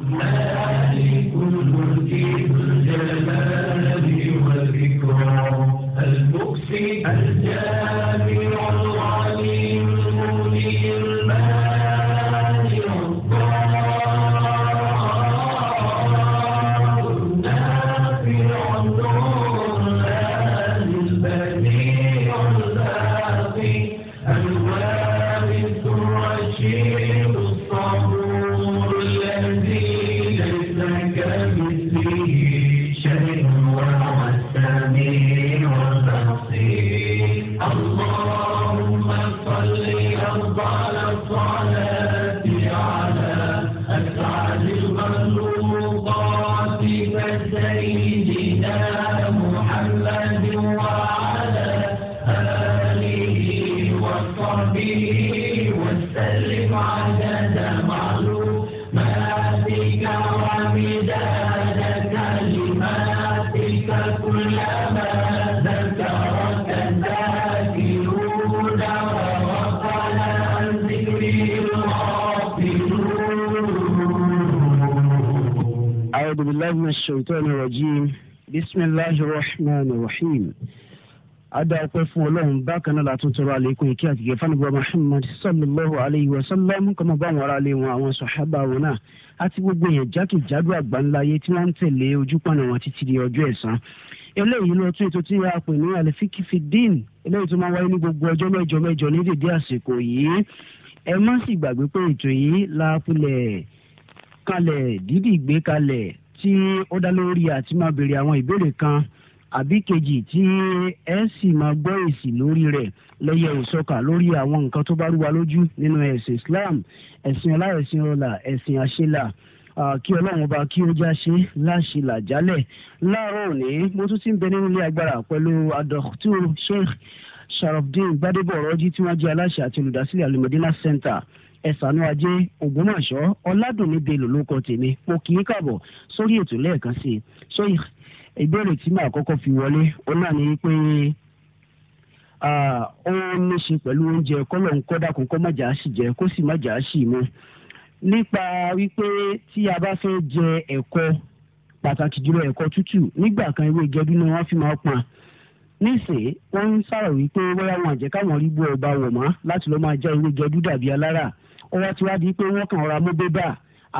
مالك الملك الجلال والإكرام المكسي الجامع العظيم بالله من الشيطان الرجيم بسم الله الرحمن الرحيم adáwọ̀pẹ́ fún ọlọ́run bákan náà látún tọrọ àlékún ìkí àti gẹ̀fà nígbà muhammad sallallahu alayhi wa sallam kọ́mọ bá wọn aráalé wọn àwọn sọ̀hábà wọn náà àti gbogbo èèyàn jákèjádò àgbáńláyé tí wọ́n ń tẹ̀lé ojúpọ̀nà wọn títí di ọjọ́ ẹ̀san. eléyìí ló tún ètò tí a pè ní alifíkìfìdín eléyìí tó máa wáyé ní gbogbo ọjọ́ mẹ́jọ mẹ́jọ ní dédé àsìkò yìí ẹ má sì gbàgbé pé ètò yìí láàpilẹ̀ kalẹ̀ dídì gbé kalẹ̀ tí ó dá lórí àti máa béèrè àwọn ìbéèrè kan àbí kejì tí ẹ sì máa gbọ́ èsì lórí rẹ̀ lẹ́yẹ òsọ́kà lórí àwọn nǹkan tó bá rú lójú nínú ẹ̀sìn Islam ẹ̀sìn ọlá ẹ̀sìn ọlà ẹ̀sìn àṣelà kí ọlọ́run ọba kí ó já ṣe láṣẹ làjálẹ̀ láàárọ̀ òní mo tún ti ń bẹ nínú ilé agbára pẹ̀lú adọ́tú Sheikh Sharafdin Gbadebo ọ̀rọ̀jì tí wọ́n jẹ́ aláṣẹ àti olùdásílẹ̀ Al-Madina Center ẹ̀sánú ajé ògbómọ̀ṣọ́ ọ̀làdùnmí belò ló kọ tèmi mo kì í kàbọ̀ sórí ètò lẹ́ẹ̀kan sí i so ìbéèrè tí màá kọ́kọ́ fi wọlé ó náà ní pé ó ní ṣe pẹ̀lú oúnjẹ kọ́lọ̀ ń kọ́dà kó má jà á sì jẹ kó sì má jà sì mu nípa wípé tí a bá fẹ́ jẹ ẹ̀kọ́ pàtàkì jùlọ ẹ̀kọ́ tútù nígbà kan ewé gẹdú ni wọ́n fi máa pọn nísìnyí wọ́n ń sọ̀rọ̀ wípé bóyá wọn àjẹ́ káwọn rí bú ọba wọ̀ mọ́ láti lọ́ọ́ máa já ewé gẹdú dàbí alára ó wá ti wá di pé wọ́n kàn ra mú bébà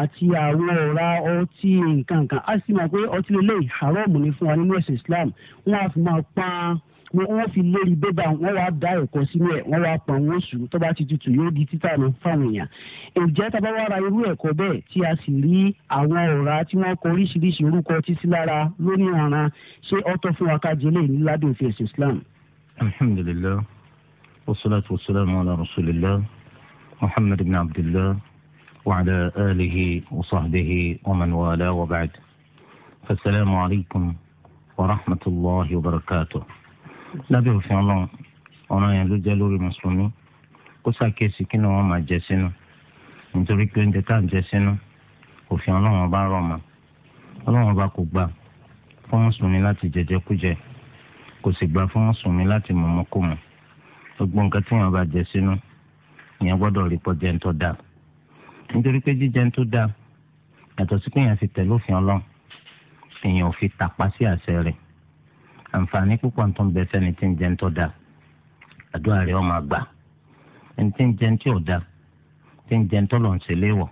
àti àwọn ọ̀ra ọtí nǹkan kan á sì máa pé ọtí lélẹ́yìí haram ni fún wa nínú ẹ̀sìn Islam wọ́n á fi máa pọ́n wọ́n fi lérí bébà wọ́n wá dá ẹ̀kọ́ sínú ẹ̀ wọ́n wá pọn wọ́n sùn tó bá ti tutù yóò di títà náà fáwọn èèyàn. ǹjẹ́ tá bá wá ra irú ẹ̀kọ́ bẹ́ẹ̀ tí a sì rí àwọn ọ̀rá tí wọ́n kọ oríṣiríṣi orúkọ títí lára lónìí ọ̀ràn ṣé ọ̀tọ̀ fún wa ká jẹ lè ní ládùn òfin ẹ̀sìn Islam. alhamdulilayi wasalaatu wasalaamu ala rasulillah muhammad ibn abdillah wa alihi wa sahbihi wa man wala wa ba'd. fasalaamu wa rahmatulahi wa barakatuh lábẹ́ òfin ọlọ́run ọ̀ràn yẹn ló jẹ́ lórí mùsùlùmí kó ṣàkíyèsí kí ni wọ́n máa jẹ sínú nítorí pé oúnjẹ tá à ń jẹ sínú òfin ọlọ́run ọba rọ̀ mọ́ ọlọ́run ọba kò gbà fún mùsùlùmí láti jẹjẹkújẹ kò sì gbà fún mùsùlùmí láti mọ̀mọ́kùmọ̀ gbogbo nǹkan tí wọ́n bá jẹ sínú ìyẹn gbọ́dọ̀ rí pọ̀ jẹ́ ń tó dáa nítorí pé jíjẹ ń tó dáa yàtọ̀ sí pé èèyàn fi tẹ̀lé òfin ọlọ́run èèyàn ò fi tàpá sí àṣẹ rẹ̀ àǹfààní púpọ̀ tó ń bẹ sẹ́ni tí ń jẹun tó dáa àdúrà rẹ̀ ó máa gbà ẹni tí ń jẹun tí ò dáa tí ń jẹun tó lọ́n ṣe léwọ̀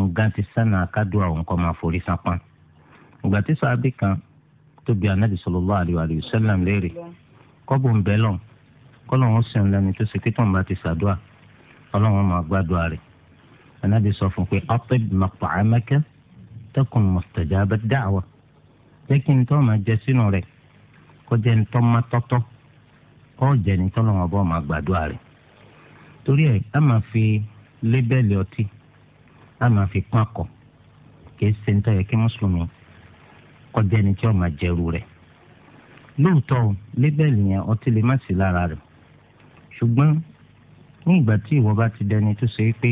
nǹkan ti sánà akádùá òun kọ́ máa forí sápá ìgbà tí sàábì kan tó bi anabi sallallahu alaihi wa sallam léèrè kọ́bù ń bẹ́ lọ́n kọ́lọ́hún sẹ́n lẹ́ni tó ṣe pé bá ti sàdúà ọlọ́run máa gbádùá rẹ̀ anabi sọ fún pé atib mat'amaka takun mustajabad da'wa jẹ́ kí n tó máa jẹ sínú rẹ̀ kọjá ní tọ́mọ tọ́tọ́ kọ́ jẹ́ ní tọ́lọ́wọ́n bọ́ máa gbàdúrà rẹ̀ torí ẹ̀ á máa fi lébẹ́lì ọtí á máa fi pọ́n akọ kìí ṣe nítorí yẹ kí mùsùlùmí kọjá ní tí ó máa jẹrù rẹ̀ lóòótọ́ lébẹ́lì yẹn ọtí lè má sí lára rẹ̀ ṣùgbọ́n ní ìgbà tí ìwọ bá ti dẹni tó ṣe pé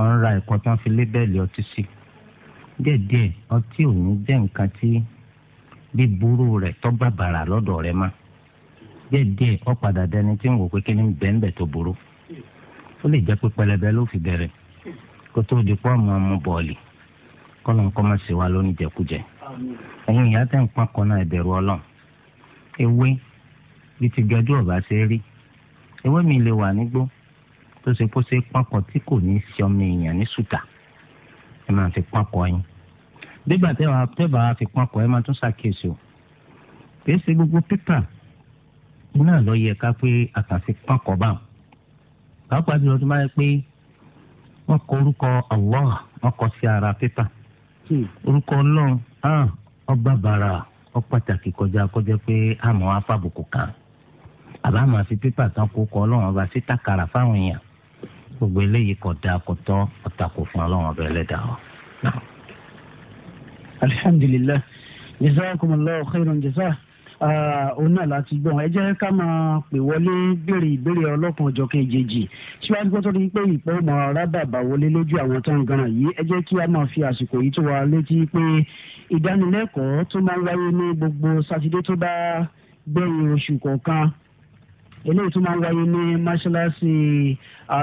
ọ̀ ń ra ẹ̀kọ́ tán fi lébẹ́lì ọtí sí díẹ̀díẹ̀ ọtí ò jẹ́ nǹkan tí bí burú rẹ̀ tọ́gbà bàrà lọ́dọ̀ rẹ̀ má díẹ̀ díẹ̀ ó padà dẹni tí ń wò pé kíni bẹ́ẹ̀nbẹ́ẹ̀ tó burú ó lè jẹ́ pé pẹlẹbẹ ló fi bẹ̀rẹ̀ kó tó di pọ́ ọmọ ọmọ bọ́ọ̀lì kọ́lọ̀ ń kọ́ máa ṣe wá lónìí jẹkújẹ ẹ̀yin ìyá tẹ̀ ń pọ́n kan náà ẹ̀bẹ̀rù ọlọ́run ewé bí ti gẹdú ọ̀bá ṣe rí ewé mi lè wà nígbó tó ṣe kó ṣe pọ́n tí kò ní í ṣe ọmọ èèyàn ní ṣùtà ẹ máa fi pọ́n yín nígbà tẹ́wàá tẹ́wàá fi pọn ọkọ̀ ẹ máa tún ṣàkíyèsí o kì í ṣe gbogbo pépà náà lọ yẹ ká pé àkàfi pọn ọkọ̀ bá pàápàá jùlọ tó máa yẹ pé wọ́n kọ orúkọ Allah wọ́n kọ sí ara pépà orúkọ Ọlọ́run ọba bàrà ọ pàtàkì kọjá kọjá pé àmọ́ afábùkù kan àbá máa fi pépà tán kó kọ Ọlọ́run ọba sí tàkàrà fáwọn èèyàn gbogbo eléyìí kò dáa kò tọ́ ọ̀tà fún Ọlọ́run ọba ẹlẹ́dàá náà alhamdulilayi jazakumullahu khairan jazaa ah, òun náà láti gbọ́n ẹ jẹ́ ká máa pè wọlé béèrè ìbéèrè ọlọ́kan ọjọ́ kejì síwájú kó tó di pé ìpọ́ máa rábàbà wọlé lójú àwọn tó ń ganan yìí ẹ jẹ́ kí a máa fi àsìkò yìí tó wa létí pé ìdánilẹ́kọ̀ọ́ tó máa ń wáyé ní gbogbo sátidé tó bá gbẹ̀yìn oṣù kọ̀ọ̀kan eléyìí tó máa ń wáyé ní mọ́ṣáláṣí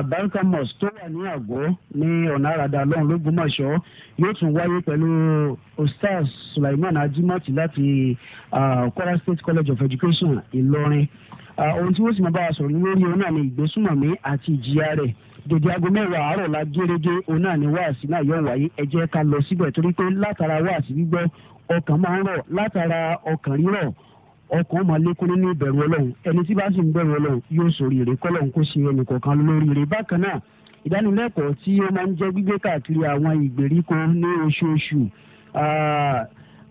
barika mosque tó wà ní àgọ́ ní ọ̀nà àràdà lọ́hùn lógúnmọ̀ṣọ́ yóò tún wáyé pẹ̀lú ostaz sulaiman ajimati láti kwara state college of education ìlọrin ohun tí wọ́n sì máa bá wa sọ̀rọ̀ lórí òun náà ni ìgbésùnmọ̀mí àti ìjìyà rẹ̀ dèdè aago mẹ́wàá àárọ̀ la gérégé òun náà ni wáàsí náà yóò wáyé ẹ jẹ́ ká lọ síbẹ̀ torí pé látara wáàsí gbígbọ́ ọkàn máa ń rọ̀ látara ọkàn rírọ̀ ọkàn máa lékún nínú ìbẹ̀rù ọlọ́run ẹni tí bá sì ń bẹ̀rù ọlọ́run yóò ṣoríire kọ́lọ́run kó ṣe ẹnì kọ̀ọ̀kan lóríire bákan náà ìdánilẹ́kọ̀ọ́ tí ó máa ń jẹ́ gbígbé káàkiri àwọn ìgbèríko ní oṣooṣù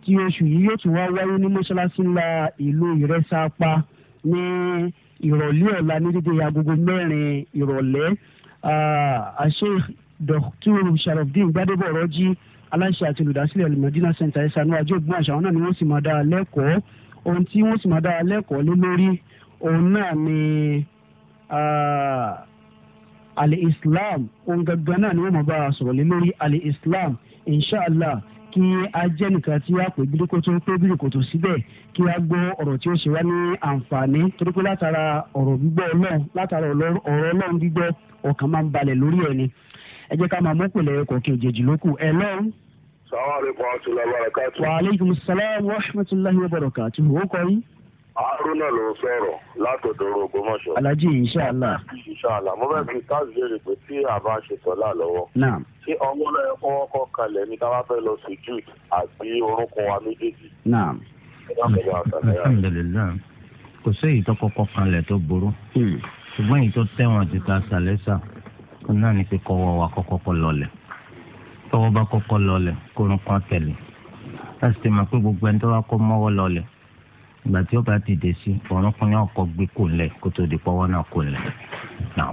tí oṣù yìí yóò tún wá wáyé ní mọ́ṣáláṣí ńlá ìlú ìrẹsàpá ní ìrọ̀lẹ́ ọ̀la ní dídé agogo mẹ́rin ìrọ̀lẹ́ àṣẹ dọ́kítọ́rù sharafdin gbadebo ọ̀rọ̀jì aláṣẹ àti olùdásílẹ̀ alimọ̀dínà center ẹ̀sánú ajé ògbómọ̀ṣọ́ àwọn náà ni wọ́n sì máa dá lẹ́kọ̀ọ́ ohun tí wọ́n sì máa dára lẹ́kọ̀ọ́ lé lórí òun náà ni al-islam ohun gangan náà ni wọ́n máa bá a sọ̀rọ̀ lé lórí al-islam inshàlá kí a jẹ́ nìkan tí a pè bíríkò tó pé bíríkò tó síbẹ̀ kí a gbọ́ ọ̀rọ̀ tí ó ṣe wá ní àǹfààní torí pé látara ọ̀rọ̀ gbígbọ́ ọlọ́run látara ọ̀rọ̀ ọlọ́run gbígbọ́ ọkàn máa ń balẹ̀ lórí ẹni ẹ jẹ́ ká máa mú pèlè ẹ̀kọ́ kí òjèjì lókù ẹ lọ́run sàmàlẹ́kùn àtúnlá barakatu. wa aleykum salaam wa rahmatulahi wa barakatu. o kọ yín. haruna ló sọ̀rọ̀ látòdòrò ògbómọ̀ṣọ́. alhaji inshàlá. inshàlá mo fẹ́ fi táàsì léèrè pé tí a bá ń ṣe sọ́lá lọ́wọ́. naam. tí ọmọ náà kọ́ ọkọ̀ kalẹ̀ ní táwa fẹ́ lọ sujud àti orúnkún wa méjèèjì. naam. alhamdulilayi kò sí èyí tó kọ́kọ́ kalẹ̀ tó burú. Hmm. ṣùgbọ́n èyí tó tẹ̀wọ̀n ti ta sàlẹ́sà náà ni pé kọ́wọ́ wa kọ́kọ́ kọ́ lọlẹ̀ tọwọ́ bá kọ́kọ́ lọlẹ̀ kórun kan tẹ̀lé láti tẹ̀ máa pé gbogbo ẹni tó bá kọ́ mọ́wọ́ lọlẹ̀ ìgbà tí ó bá ti dé sí ọ̀rọ̀kùn náà kọ́ gbé kò lẹ̀ kó tó di pọ́wọ́ náà kò lẹ̀ náà.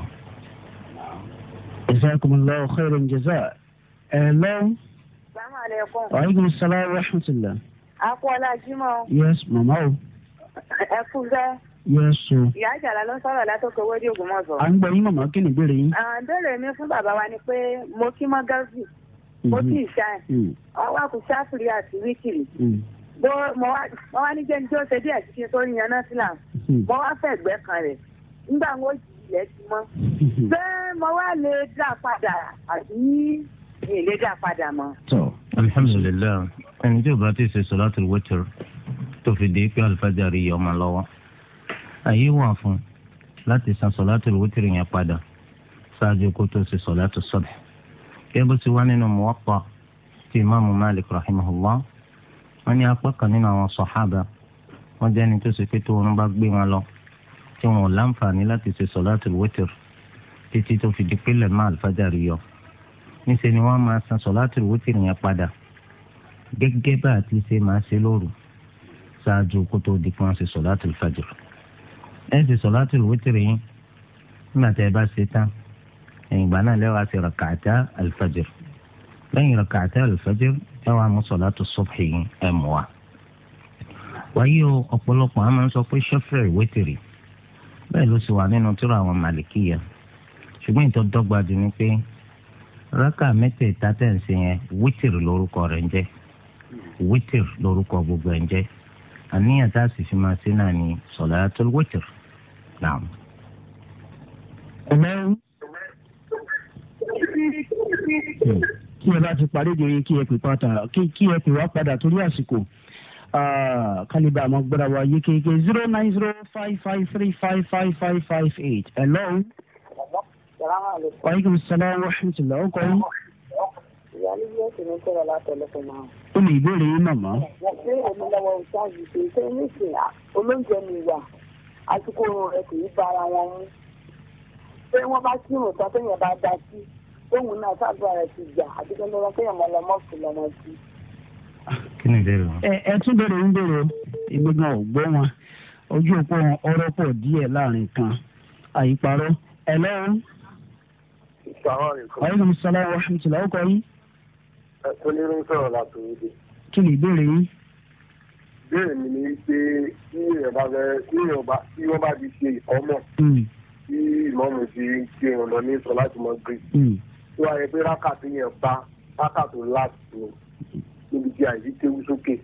jazakumullahu khairan jaza ẹ salaamaleykum. wa salaam wa rahmatulah. a kú yes mama o. ẹ kú bẹ́ẹ̀ yẹsù. ìyá àjàlá ló ń sọ̀rọ̀ látòkè owó di Ògbómọ̀ṣọ́. à ń gbọ́ yín màmá kí ni ìbéèrè yín. àwọn ìbéèrè mi fún bàbá wa ni pé mo kí mọ́ gẹ́gì mo sì mhm. ṣáì ọwọ́ mm. kù ṣáfìrí àti wíkìrì mm. bó mo wá ní jẹ́ni tí ó ṣe díẹ̀ sí kí n tó yan náà sílà mm. mo wá fẹ̀gbẹ́ kan rẹ̀ nígbà wo ìjìnlẹ̀ ti mọ́ mm-hmm. ṣé mo wá lè dá padà àbí mi lè dá padà mọ́. alhamdulilayi ẹni tí o bá ti ṣe sọláàtì wẹ́tìrì tó fi di pé alifájà rí iye ọmọ lọ́wọ́ àyè wà fún láti san sọláàtì wẹ́tìrì yẹn padà ṣáájú kó tó ṣe sọláàtì sọ̀dẹ̀ kí bó ti wá nínú Muwatta ti ìmáàmù Malik rahimahullah wọ́n ní apá kan nínú àwọn sọ̀hábà wọ́n jẹ́ ẹni tó ṣe pé tó oorun bá gbé wọn lọ tí wọn ò láǹfààní láti ṣe sọ̀láàtul witr títí tó fi di pélé máa alfajari yọ níṣẹ́ ni wọ́n máa san sọ̀láàtul witr yẹn padà gẹ́gẹ́ bá àti ṣe máa ṣe lóru ṣáájú kó tó di pé ṣe sọ̀láàtul fajr ẹ̀ ṣe sọ̀láàtul witr yín nígbà tí ẹ bá ṣe tán ẹ̀yìn ìgbà náà lẹ́wàá sí rakata alfajir lẹ́yìn rakata alfajir lẹ́wàá mú sọ̀látù subhi ẹ̀ mú wa. wáyé o ọ̀pọ̀lọpọ̀ a máa ń sọ pé ṣẹ́fẹ̀ wẹ́tìrì bẹ́ẹ̀ ló sì wà nínú tírà àwọn màlìkíyà ṣùgbọ́n ìtọ́ dọ́gba jù ni pé rákà mẹ́tẹ̀ẹ̀ta tẹ̀ yẹn wẹ́tìrì lórúkọ rẹ̀ ń jẹ́ wẹ́tìrì lórúkọ gbogbo kí ẹ bá ti parí ìdè yín kí ẹ pè pátá kí ẹ pè wá padà torí àsìkò kálíbà àmọ́ gbọ́dọ̀ wá yé kéèké zero nine zero five five three five five five five eight hello. waaleykum salaam wa rahmatulah o kọ́ yín. ìyáálé yóò ṣe ní kọ́ra látọ̀lẹ́ fún wa. ó lè ìbéèrè yín màmá. wọ́n fi èmi lọ́wọ́ ìṣáàjì pé ṣé nísìnyí olóúnjẹ mi wà àsìkò rẹ̀ kì í bára wọn mú. pé wọ́n bá kírun tán téèyàn bá dá sí i fóònù náà sáàdúrà rẹ ti gbà àti pé lọ́wọ́ kéèyàn máa lọ mọ́ọ̀sì lọ́mọ sí. kí ni ìbéèrè wọn. ẹ ẹ tún bèrè ń bèrè ìgbéga ògbó wọn ojú òpó wọn ọ̀rọ̀ pọ̀ díẹ̀ láàrin kan àyíparọ ẹlẹ o. aleykum salaam wa rahmatulah ọkọ yìí. ẹ tó ní ló ń sọ̀rọ̀ láti òde. kí ni ìbéèrè yìí ìbéèrè mi ni pé tí èèyàn bá fẹ́ tí èèyàn bá tí wọ́n bá ti ṣe ìkọ́mọ̀ hmm. tí ìmọ̀ọ́mù ti ń kí èèyàn lọ ní sọ láti mọ gírí tó wáyé pé rákàtú yẹn bá rákàtú láti níbi tí àìsí kéwú sókè.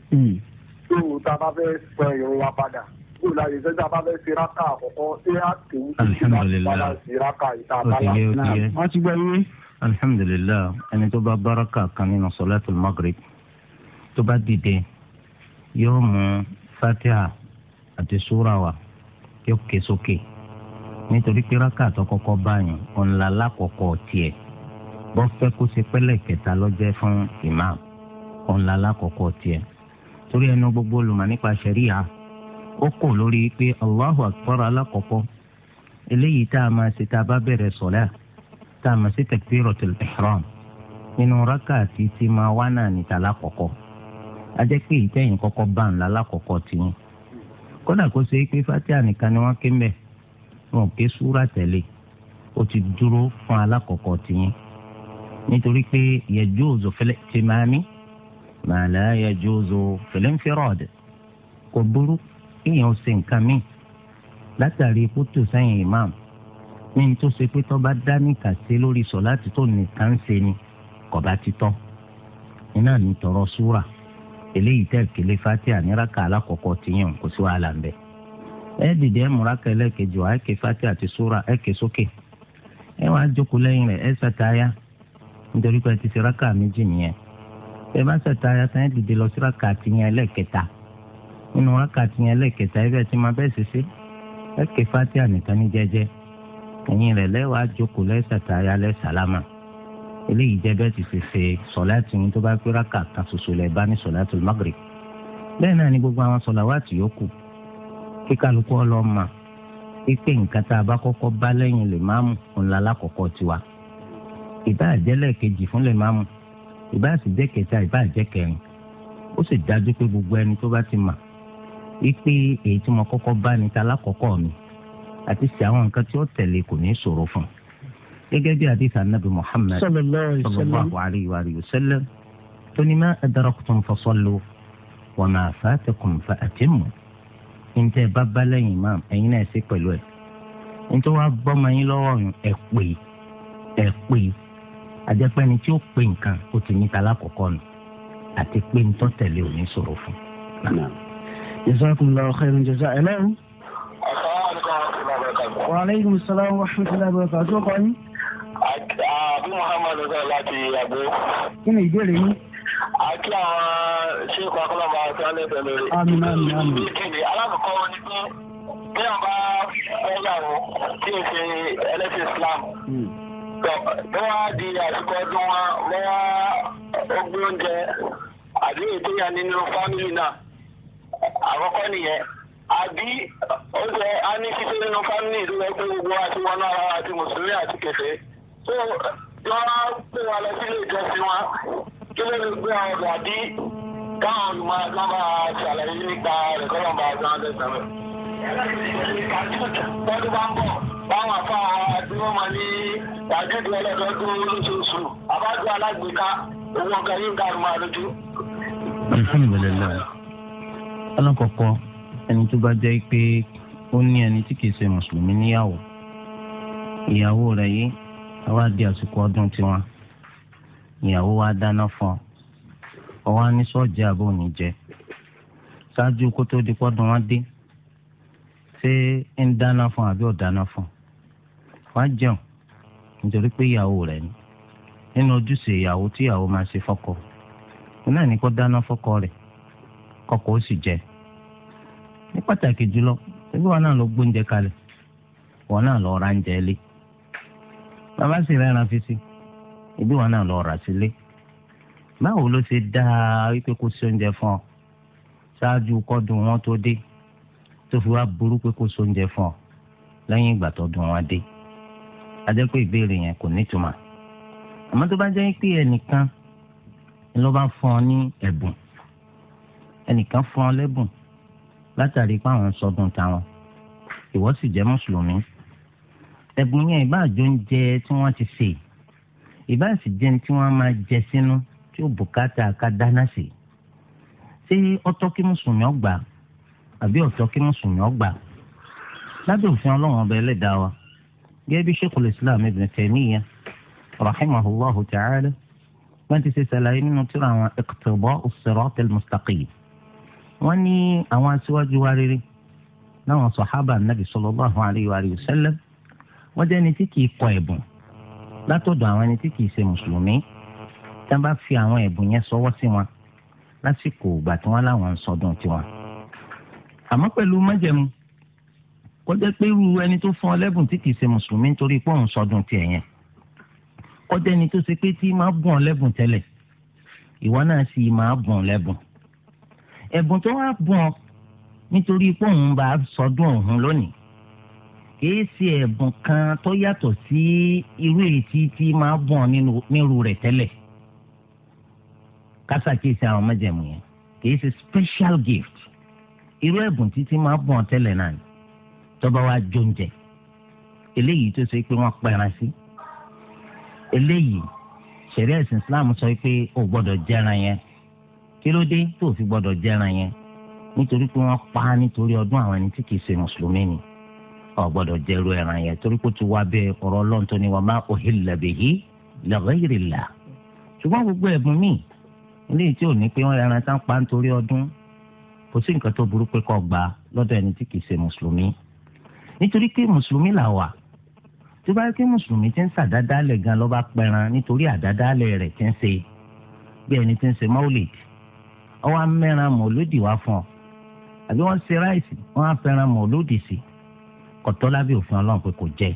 tó hmm. o ta bá fẹ́ sọ ìrún wa padà kó láyé sẹ́jà bá fẹ́ ṣe rákà àkọ́kọ́ ṣé á kéwú sókè láti padà ṣe rákà ìta àbálà. wọ́n ti gbọ́ yín. alhamdulilayi ẹni tó bá báraka kan nínú sọlẹ́tù magreth tó bá dìde yóò mú fatiha àti súra wa yóò ké sókè nítorí pé rákà àtọkọkọ báyìí ọ̀nlá lákọ̀ọ́kọ́ tiẹ̀ ó fẹ́ kó ṣe pẹ́lẹ̀ kẹta lọ́jẹ́ fún imam ọ̀nla alákọ̀ọ́kọ́ tiẹ̀ torí ẹnu gbogbo olùmọ̀ nípa ṣẹ̀ríà ó kò lórí pé allahu akbar alákọ̀ọ́kọ́ eléyìí tá a máa ṣe tá a bá bẹ̀rẹ̀ sọ̀lá tá a máa ṣe takbiratul ihram nínú rákàtí tí máa wá náà níta alákọ̀ọ́kọ́ ajẹ́ pé ìtẹ̀yìn kọ́kọ́ bá ńlá alákọ̀ọ́kọ́ tiyín kó ni wọ́n ké mbẹ̀ wọn ò ké súrà tẹ̀lé ó ti dúró nítorí pé yajuzu fil ihtimami ma la yajuzu fil infirad kò burú èèyàn ṣe nǹkan míì látàrí ikú tó sẹ́yìn imam ní tó ṣe pé tó bá dá nìkan ṣe lórí sọ̀láàtì tó nìkan ṣe ni kò bá ti tọ́ iná ní tọrọ súrà eléyìí tẹ̀ kele fatia ní raka ti yàn kò sí wàhálà ń bẹ̀. ẹ dìde ẹ múra kẹlẹ kejì wàá fatia àti súrà ẹ ké sókè ẹ wàá jókòó lẹ́yìn rẹ̀ ẹ sàtáyà nítorí pé ti siraka méjì nìyẹn ẹ bá ṣẹta ayáta yẹn dìde lọ siraka tìyẹn ẹlẹ́ẹ̀kẹta nínú raka tìyẹn ẹlẹ́ẹ̀kẹta ẹ bẹ́ẹ̀ ti máa bẹ́ẹ̀ ṣiṣẹ́ ẹ ké fatia nìkan ní jẹ́jẹ́ ẹ̀yìn rẹ̀ lẹ́wàá jókòó lẹ́sẹ̀ta ayá lẹ́ sàlámà eléyìí jẹ́ bẹ́ẹ̀ ti ṣiṣẹ́ sọ̀láàtì yín tó bá pé raka kan ṣoṣo lẹ̀ bá ní sọ̀láàtì magrib bẹ́ẹ̀ náà ni gbogbo àwọn sọ̀làwátì yòókù kíkálukú ọlọ́ọ̀ma pípé nǹkan tá a bá kọ́kọ́ bá lẹ́yìn lè máàmù ńlá lákọ̀ọ́kọ́ tiwa ìbá àjẹlẹ̀ kejì fún lè máa mú ìbá sì jẹ́ kẹta ìbá jẹ́ kẹrin ó sì dájú pé gbogbo ẹni tó bá ti mà wípé èyí tí mo kọ́kọ́ bá ní ta lákọ̀ọ́kọ́ mi àti ṣe àwọn nǹkan tí ó tẹ̀lé kò ní ṣòro fún un bí àdìsá nàbì Muhammad sallallahu alayhi wa sallam tó ní ma adraktum fasallu wa ma fatakum fa atimmu ntẹ bá bá lẹ́yìn máa ẹ̀yin náà ṣe pẹ̀lú ẹ̀ ntẹ wàá bọ́ ọmọ yín lọ́wọ́ ẹ̀ pé ẹ̀ pé àjẹpẹ́ni tí ó pè nǹkan ó ti níta lákọ̀ọ́kọ́ nù àti pé ń tọ́ tẹ̀lé òní sọ̀rọ̀ fún. jazakumullahu khairan jaza ẹlẹ́rú. wa aleykum salaam wa rahmatullahi wa barakatuh tó kọ́ ni. àbí muhammadu sọ láti àgbo. kí ni ìbéèrè yín. àti àwọn ṣéèkù akọlọmọ àti ọlẹ́bẹ̀ lórí. àmín àmín àmín. ìkéde alákọ̀ọ́kọ́ ni pé bí wọn bá fẹ́ yàwó kí n ṣe ẹlẹ́sìn islam. Hmm ló wá di àsìkò ọdún wa ló wá ogún oúnjẹ àbí ètò yà nínú fámìlì náà àkọ́kọ́ nìyẹn àbí oúnjẹ á ní ṣíṣe nínú fámìlì tó yẹ pé gbogbo àti wọn náà àti mùsùlùmí àti kẹfẹ́ tó ló wá pè wá lọ sílé ìjọsìn wa kí ló lè gbé àwọn ọ̀gá dí káwọn olùmọ̀ àgbọn bá ṣàlàyé nípa rẹ̀ kọ́lọ̀ bá àgbọn àgbẹ̀ sọ̀rọ̀. tọ́jú bá báwọn afa tí wọ́n máa ní tàgẹ́dì ọlọ́dọọdún lóṣooṣù àbájọ alágbèéká owó ọ̀gá yìí ń dàrú máa lójú. alhamdulilayi alákọ̀ọ́kọ́ ẹni tó bá jẹ́ pé ó ní ẹni tí kìí ṣe mùsùlùmí níyàwó ìyàwó rẹ̀ yìí àwa di àsìkò ọdún tiwọn ìyàwó wa dáná fún ọ ọwọ́ ní sọ́ọ̀jì àbò ní jẹ ṣáájú kó tó di pọ́dún wọn dé ṣé ń dáná fún àbí ò fún un wá jẹun nítorí pé ìyàwó rẹ̀ ni nínú ojúṣe ìyàwó tí ìyàwó máa ṣe fọ́kọ náà ni kó dáná fọ́kọ rẹ̀ kọ́kọ́ ó sì jẹ ní pàtàkì jùlọ ẹgbẹ́ wa náà ló gbóúnjẹ kalẹ̀ wọn náà lọ ra oúnjẹ lé bàbá sì fi si náà lọ rà báwo ló ṣe dáa wípé sí ọ ṣáájú wọn tó dé tó fi wá burú pé fún ọ ìgbà tó dùn wọn ajẹ́ pé ìbéèrè yẹn kò nítumọ̀ àmọ́ tó bá jẹ́ pé ẹnìkan ló bá fún ọ ní ẹ̀bùn ẹnìkan fún ọ lẹ́bùn látàrí pé àwọn sọdún táwọn ìwọ sì jẹ́ mùsùlùmí ẹ̀bùn yẹn ìbá àjọ ń jẹ tí wọ́n ti sè ìbá sì jẹ́ tí wọ́n máa jẹ sínú tí ó bùkátà ká dáná sí ṣé ọ̀tọ̀ kí mùsùlùmí ó àbí ọ̀tọ̀ kí mùsùlùmí ó gbà òfin ọlọ́run ọba ẹlẹ́dàá wa gẹ́gẹ́ bí sheikh islam ibn taymiya rahimahullahu ta'ala wọ́n ti ṣe ṣàlàyé nínú tírà àwọn iqtida'u sirat al-mustaqim wọ́n ní àwọn aṣíwájú wa rere láwọn sọ̀hábà nàbì sallallahu alayhi wa sallam wọ́n jẹ́ ẹni tí kìí kọ ẹ̀bùn látọ̀dọ̀ àwọn ẹni tí kìí ṣe mùsùlùmí tí wọ́n bá fi àwọn ẹ̀bùn yẹn sọwọ́ sí wọn lásìkò ìgbà tí wọ́n láwọn ń sọdún tiwọn. àmọ́ pẹ̀lú májẹ̀mú kọjá pé irú ẹni tó fún ọ lẹ́bùn tí kìí ṣe mùsùlùmí nítorí pé òun sọdún tiẹ̀ yẹn kọjá ẹni tó ṣe pé tí máa bùn ọ lẹ́bùn tẹ́lẹ̀ ìwọ náà sì máa bùn ọ lẹ́bùn ẹ̀bùn tó wá bùn ọ nítorí pé òun bá sọdún òun lónìí kìí ṣe ẹ̀bùn kan tó yàtọ̀ sí irú èyí tí máa bùn ọ nírú rẹ̀ tẹ́lẹ̀ kásàkíyèsí àwọn mẹ́jẹ̀mú yẹn kìí ṣe special gift irú ẹ̀bùn títí máa bùn ọ tẹ́lẹ̀ náà ni tọ́ba wa jó ń jẹ eléyìí tó ṣe pé wọ́n pẹran sí eléyìí ṣẹ̀rí ẹ̀sìn Islam sọ pé o gbọ́dọ̀ jẹran yẹn kí ló dé tó fi gbọ́dọ̀ jẹran yẹn nítorí pé wọ́n pa á nítorí ọdún àwọn ẹni tí kìí ṣe mùsùlùmí ni o gbọ́dọ̀ jẹru ẹran yẹn torí pé ó ti wá bẹ ọ̀rọ̀ Ọlọ́run tó ní wa ma uhilla bihi li ghayri llah ṣùgbọ́n gbogbo ẹ̀bùn míì eléyìí tí ò ní pé wọ́n ẹran tán pa nítorí ọdún kò sí nǹkan tó burú pé kó gbà lọ́dọ̀ ẹni tí kìí ṣe mùsùlùmí nítorí pé mùsùlùmí là wà tó bá yẹ kí mùsùlùmí ti ń sàdádálẹ̀ gan lọ́ba pẹran nítorí àdádálẹ̀ rẹ̀ ti ń ṣe bí ẹni ti ń ṣe maulid ọwọ́ mẹ́ran mọ̀lódì wá fún ọ àbí wọ́n ṣe ráìsì wọ́n á fẹ́ràn mọ̀lódì sí kọ̀tọ́ lábẹ́ òfin ọlọ́run pé kò jẹ́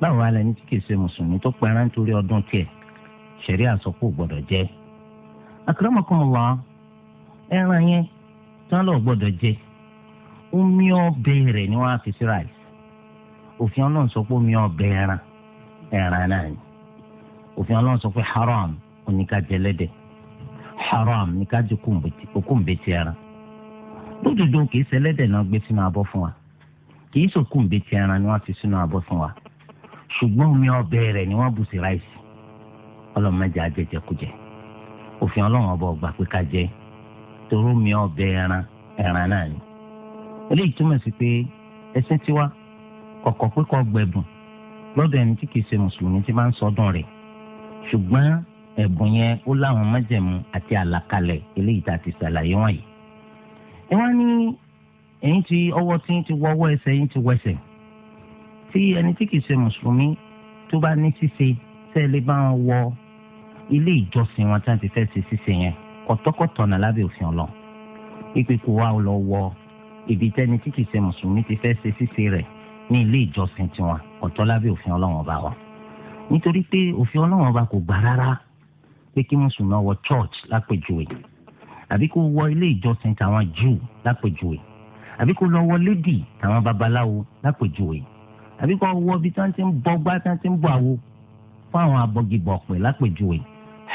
báwo wá lẹni tí kìí ṣe mùsùlùmí tó pẹran nítorí ọdún tiẹ̀ ṣẹ̀rí àsọpọ̀ gbọ́dọ̀ jẹ́ àkàràmọ́kùnrin lọ ẹran yẹn tí wọ́n lọ gbọ́dọ̀ jẹ́ omi ọbẹ̀ rẹ̀ ni wọ́n á fi sí ráìsì òfin ọlọ́run sọ pé omi ọbẹ̀ ẹran ẹran náà ni òfin sọ pé haram oníkàjẹlẹ́dẹ̀ haram níkàjẹ okùnbẹ̀tì ẹran lódodo kìí náà gbé sínú fún wa kìí ẹran ni wọ́n fi sínú abọ́ fún wa ṣùgbọ́n omi ọbẹ̀ eléyìí túmọ̀ sí pé ẹsẹ̀ tiwa kọ̀kọ̀ pé kọ́ gbẹ̀bùn lọ́dọ̀ ẹni tí kìí ṣe mùsùlùmí ti máa ń sọdún rẹ̀ ṣùgbọ́n ẹ̀bùn yẹn ó láwọn májẹ̀mú àti àlàkalẹ̀ eléyìí tá a ti ṣàlàyé wọ̀nyí. ẹ wá ní ẹ̀yin tí ọwọ́ tí ń ti wọ ọwọ́ ẹsẹ̀ yín ti wẹsẹ̀ tí ẹni tí kìí ṣe mùsùlùmí tó bá ní ṣíṣe tẹ́lẹ̀ bá wọn wọ ilé ìjọsìn wọn tí wọ́n ti fẹ́ ṣe ṣíṣe yẹn kọ̀tọ́kọ̀tọ̀ ibi tẹ́ni tí kìí ṣe mùsùlùmí ti fẹ́ ṣe ṣíṣe rẹ̀ ní ilé ìjọsìn tiwọn ọ̀tọ̀ lábẹ́ òfin ọlọ́wọ́n bá wa nítorí pé òfin ọlọ́wọ́n bá kò gbà rárá pé kí mùsùlùmí wọ church lápèjúwe àbí kó wọ ilé ìjọsìn tàwọn Júù lápèjúwe àbí kó lọ wọ lédì tàwọn babaláwo lápèjúwe àbí kó wọ bí tí wọ́n ti ń bọ gbá tí wọ́n ti ń bọ àwo fún àwọn abọgibọ pè lápèjúwe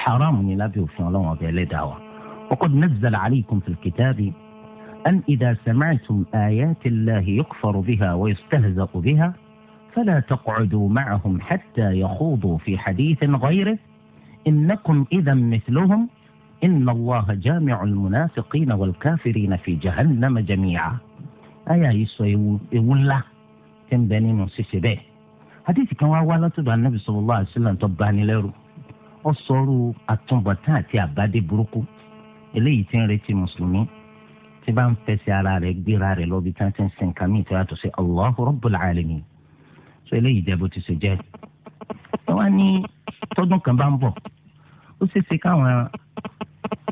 haram ni lábẹ́ òfin ọlọ́wọ́n ọbẹ̀ ẹlẹ́dàá wa. وقد نزل عليكم في الكتاب أن إذا سمعتم آيات الله يكفر بها ويستهزأ بها فلا تقعدوا معهم حتى يخوضوا في حديث غيره إنكم إذا مثلهم إن الله جامع المنافقين والكافرين في جهنم جميعا آية يسوى يولى كم بني نسيسي به حديث كان وعلى تبع النبي صلى الله عليه وسلم تبعني ليرو أصروا التنبتات يا بادي بروكو إليه تنريتي مسلمين tí bá ń fẹsẹ̀ ara rẹ̀ gbéra rẹ̀ lọ bí tí wọ́n ti ń sin nǹkan míì tó yàtọ̀ sí Allahu Rabbul Alamin so eléyìí jẹ́ bó ti ṣe jẹ́ ẹ wá ní tọdún kan bá ń bọ̀ ó ṣeé ṣe káwọn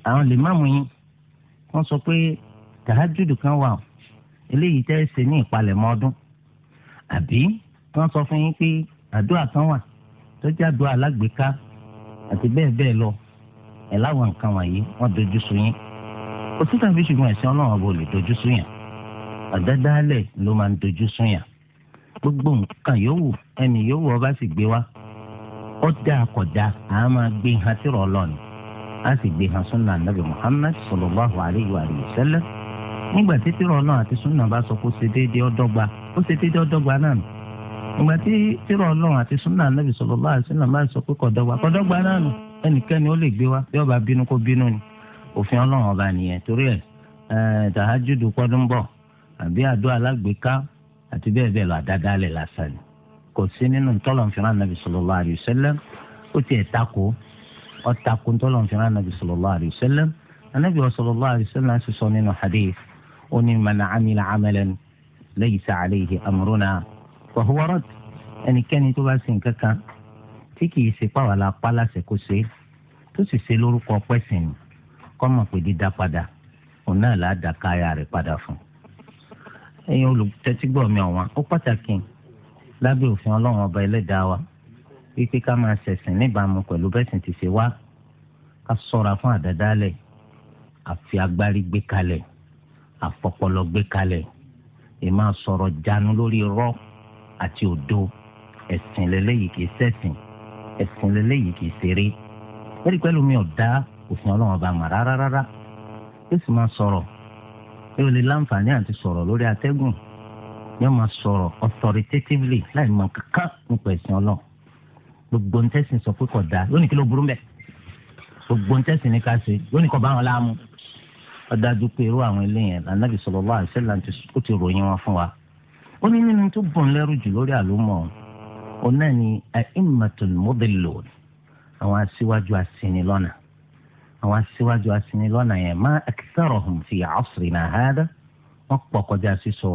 àwọn lè má mú yín wọ́n sọ pé tàhájúdù kan wà eléyìí tẹ́ ẹ ṣe ní ìpalẹ̀mọ́ ọdún àbí wọ́n sọ fún yín pé àdúrà kan wà tó jẹ́ àdúrà alágbèéká àti bẹ́ẹ̀ bẹ́ẹ̀ lọ ẹ̀ láwọn nǹkan wọ̀nyí wọ́n dojú sun yín kò sí tàbí ṣùgbọ́n ẹ̀sìn ọlọ́run ọba ò lè dojú sún yàn àdádálẹ̀ ló máa ń dojú sún yàn gbogbo nǹkan yòówù ẹnì yòówù ọba sì gbé wá ó dáa kò dáa à máa gbé hàn sí rọlọ́ọ̀nì á sì gbé hàn súnà nàbì Muhammad sallallahu alayhi wa sallam nígbà tí tìrọ̀ náà àti súnà bá sọ kó ṣe déédéé ọ̀dọ́gba ó ṣe déédéé ọ̀dọ́gba náà nù ìgbà tí tírà ọlọ́run àti súnà anábì sallallahu alaihi wasallam máa sọ pé kọ̀dọ́gba kọ̀dọ́gba náà nù ẹnikẹ́ni ó lè gbé wa bí ọba bínú kó bínú ni òfin ọlọ́run ọba nìyẹn torí ẹ̀ eh, tàhájúdù pọ́dún bọ̀ àbí àdúrà alágbèéká àti bẹ́ẹ̀ bẹ́ẹ̀ lọ àdáadáa lẹ̀ lásán ni kò sí nínú tọ́lọ̀nfìrán nàbì sallallahu alayhi wa sallam ó tiẹ̀ takò ó takò tọ́lọ̀nfìrán nàbì sallallahu alayhi wa sallam anabi sallallahu alayhi wa sallam ti sọ nínú hadith ó ní man amila amalan laysa alayhi amruna fa huwa radd ẹnikẹ́ni tó bá sin kankan tí kì í ṣe pàwọ́lá pálásẹ̀ kó tó sì ṣe lórúkọ pẹ́sìn ni kọ́mọ̀ pé dídá padà òun náà là á dá káyà rẹ̀ padà fún un. ẹ̀yin olùtẹ́tígbọ̀ mi ọ̀wọ́n ó pàtàkì lábẹ́ òfin ọlọ́run ọba ẹlẹ́dàá wa wípé ká máa ṣẹ̀sìn níbàámu pẹ̀lú bẹ́sìn ti ṣe wá ká sọ́ra fún àdádálẹ̀ àfi agbárí gbé kalẹ̀ àfọpọlọ gbé kalẹ̀ ìmọ̀ sọ̀rọ̀ jánu lórí irọ́ àti òdo ẹ̀sìn lélẹ́yìí kìí ṣẹ̀sìn ẹ̀sìn lélẹ́yìí kìí ṣeré lórí pẹ̀lú mi ò dá òfin ọlọ́run ọba mà rárá rárá yóò sì máa sọ̀rọ̀ yóò lè láǹfààní àti sọ̀rọ̀ lórí atẹ́gùn yóò máa sọ̀rọ̀ authoritatively láì mọ kankan nípa ẹ̀sìn ọlọ́run gbogbo ń tẹ́sìn sọ pé kò dáa lónìí kí ló burú mẹ́ gbogbo ń tẹ́sìn ní ká ṣe lónìí kò bá wọn láàmú ọ̀dájú pé irú àwọn eléyẹn lànàbì sallallahu alaihi wasallam ó ti ròyìn wọn fún wa ó ní nínú tó bùn lẹ́rù jù lórí àlùmọ̀ ọ̀nà ni a'immatul mudillun àwọn aṣíwájú aṣinilọ́nà àwọn aṣíwájú aṣinilọ́nà yẹn má aktharuhum fi asrina hada wọ́n pọ̀ kọjá sísọ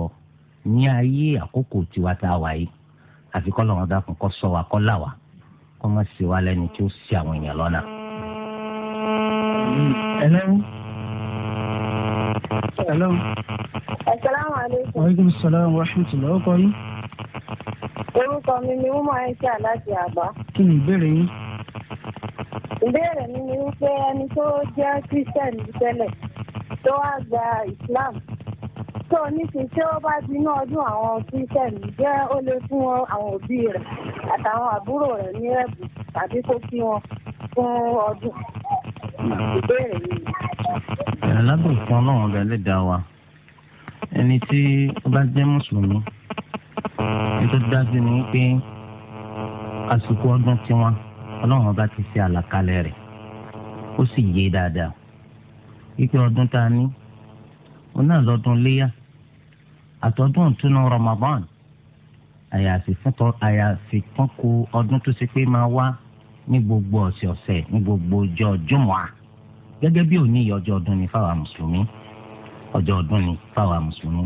ní ayé àkókò tiwa tá a wà yìí àfi kọ́ lọ́wọ́ dákun kọ́ sọ wa kọ́ là wa kọ́ sí wa lẹ́ni tí ó àwọn èèyàn lọ́nà. aleykum salaam ìbéèrè mi ni wípé ẹni tó jẹ́ christian tẹ́lẹ̀ tó wá gba islam tó nísìnyí tí ó bá di inú ọdún àwọn christian jẹ́ ó lè fún àwọn òbí rẹ̀ àtàwọn àbúrò rẹ̀ ní ẹ̀bùn tàbí kó kí wọn fún ọdún ìbéèrè mi. alábòsí ọlọ́run ọba ẹlẹ́dàá wa ẹni tí ó bá jẹ́ mùsùlùmí ètò dájú ni pé àsìkò ọdún tiwọn ọlọ́run ọba ti ṣe àlàkalẹ̀ rẹ̀ ó sì yé dáadáa wípé ọdún tá a ní ó náà lọ́dún léyà àtọ́dún ìtúnu Ramadan àyàfi fún àyàfi kan kó ọdún tó ṣe pé máa wá ní gbogbo ọ̀sẹ̀ ọ̀sẹ̀ ní gbogbo ọjọ́ jùmọ̀à gẹ́gẹ́ bí òní yìí ọjọ́ ọdún ni fáwọn mùsùlùmí ọjọ́ ọdún ni fáwọn mùsùlùmí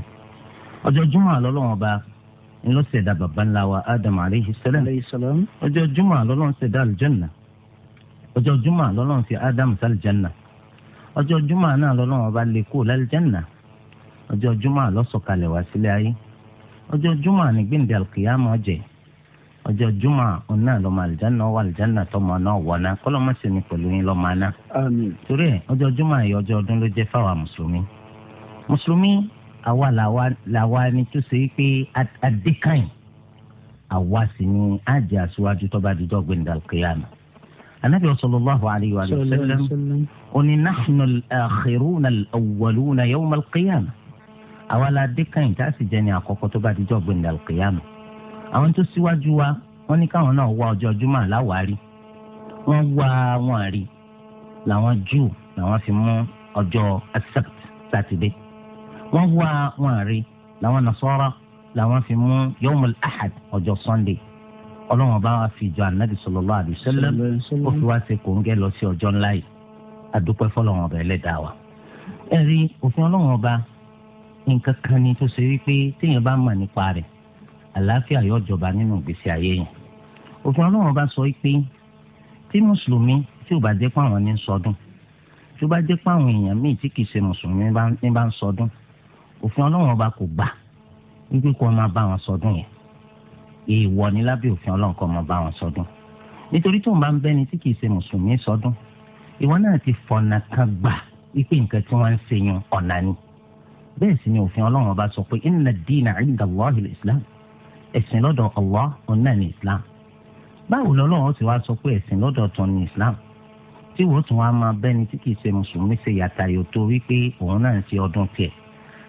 ọjọ́ jùmọ̀à lọ́lọ́wọ́n bá ló ṣẹ̀dá baba ńlá wa adam aleyhi salam ọjọ́ juma lọ́lọ́run ṣẹ̀dá aljanna ọjọ́ juma lọ́lọ́run fi adam sáljanna ọjọ́ juma náà lọ́lọ́run ọba lè kó láljanna ọjọ́ juma ló sọ̀kalẹ̀ wá sílẹ̀ ayé ọjọ́ juma ní gbẹ̀ndẹ̀ alkiyama jẹ́ ọjọ́ juma ọ̀nà lọ́mọ aljanna wà aljanna tọmọ náà wọ̀nà kọ́lọ́mọ sẹ́mi pẹ̀lú yín lọ́mọ aná. torí ẹ ọjọ́ juma yìí ọjọ́ ọdún ló jẹ́ fáwọn mùsùlùmí mùsùlùmí àwa làwa làwa ni tó ṣe pé adékàyìn àwa sì ni á jẹ aṣíwájú tó bá dijọ́ gbẹ̀ndà kìyàmù. anabi sallallahu alayhi wa sallam oni nahnu al-akhiruna al-awwaluna yawm al-qiyama àwa la adékàyìn tá a sì jẹ ní àkọ́kọ́ tó bá dijọ́ gbẹ̀ndà kìyàmù. àwọn tó síwájú wa wọ́n ní káwọn náà wá ọjọ́ júmọ̀ aláwárí wọ́n wá wọn rí làwọn júù làwọn fi mú ọjọ́ accept sátidé wọ́n wá wọn àrí làwọn nasọ́ra làwọn fi mú yawmul ahad ọjọ́ sunday ọlọ́wọ́n bá wa fi jọ anabi sallallahu alaihi wasallam ó fi wá ṣe kòńgẹ́ lọ sí ọjọ́ ńlá yìí adúpẹ́ fọlọ́wọ́n ọba ẹlẹ́dàá wa. ẹ rí òfin ọlọ́wọ́n ọba nǹkan kan ni tó ṣe wípé téèyàn bá mọ̀ nípa rẹ̀ àlàáfíà yóò jọba nínú ìgbésí ayé yẹn. òfin ọlọ́wọ́n ọba sọ wípé tí mùsùlùmí tí ò bá jẹ́ pé àwọn ní sọdún tí ó bá jẹ́ pé àwọn èèyàn míì tí kì í ṣe mùsùlùmí bá ń sọdún òfin ọlọ́run ọba kò gbà wípé kó máa bá wọn sọdún yẹn èèwọ̀ ni lábẹ́ òfin ọlọ́run kó máa bá wọn sọdún nítorí tó ń bá ń bẹ́ni tí kìí ṣe mùsùlùmí sọdún ìwọ náà ti fọ̀nà kan gbà wípé nǹkan tí wọ́n ń ṣe yun ọ̀nà ni bẹ́ẹ̀ sì ni òfin ọlọ́run ọba sọ pé inna ad-dina 'inda islam ẹ̀sìn lọ́dọ̀ Allah ọ̀nà ni Islam báwo lọ́lọ́run ti wá sọ pé ẹ̀sìn lọ́dọ̀ Islam tí wọ́n tún wá máa bẹ́ni tí kìí ṣe mùsùlùmí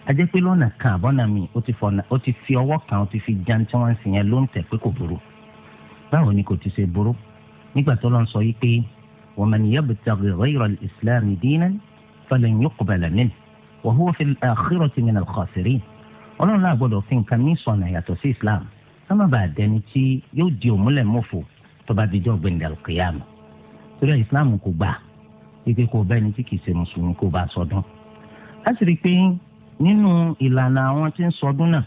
ajẹ́ pé lọ́nà kan àbọ̀nà mi ó ti fi ọwọ́ kan ó ti fi jan tí wọ́n ń sìn yẹn ló ń tẹ̀ pé kò burú báwo ni kò ti ṣe burú nígbà tó lọ́n sọ yìí pé wa man yabtaghi ghayra al-islami dinan falan yuqbala minhu wa huwa fil akhirati minal khasirin ọlọ́run náà gbọ́dọ̀ fi nǹkan ní sọ̀nà yàtọ̀ sí islam sábà bá dẹni tí yóò di òmùlẹ̀ mọ́fò tó bá dijọ́ gbẹ̀ndàlù kìyàmù torí islam kò gbà wípé kò bá ẹni tí kì ṣe mùsùlùmí kò bá sọdún. láti rí i pé nínú ìlànà àwọn tí ń sọdún náà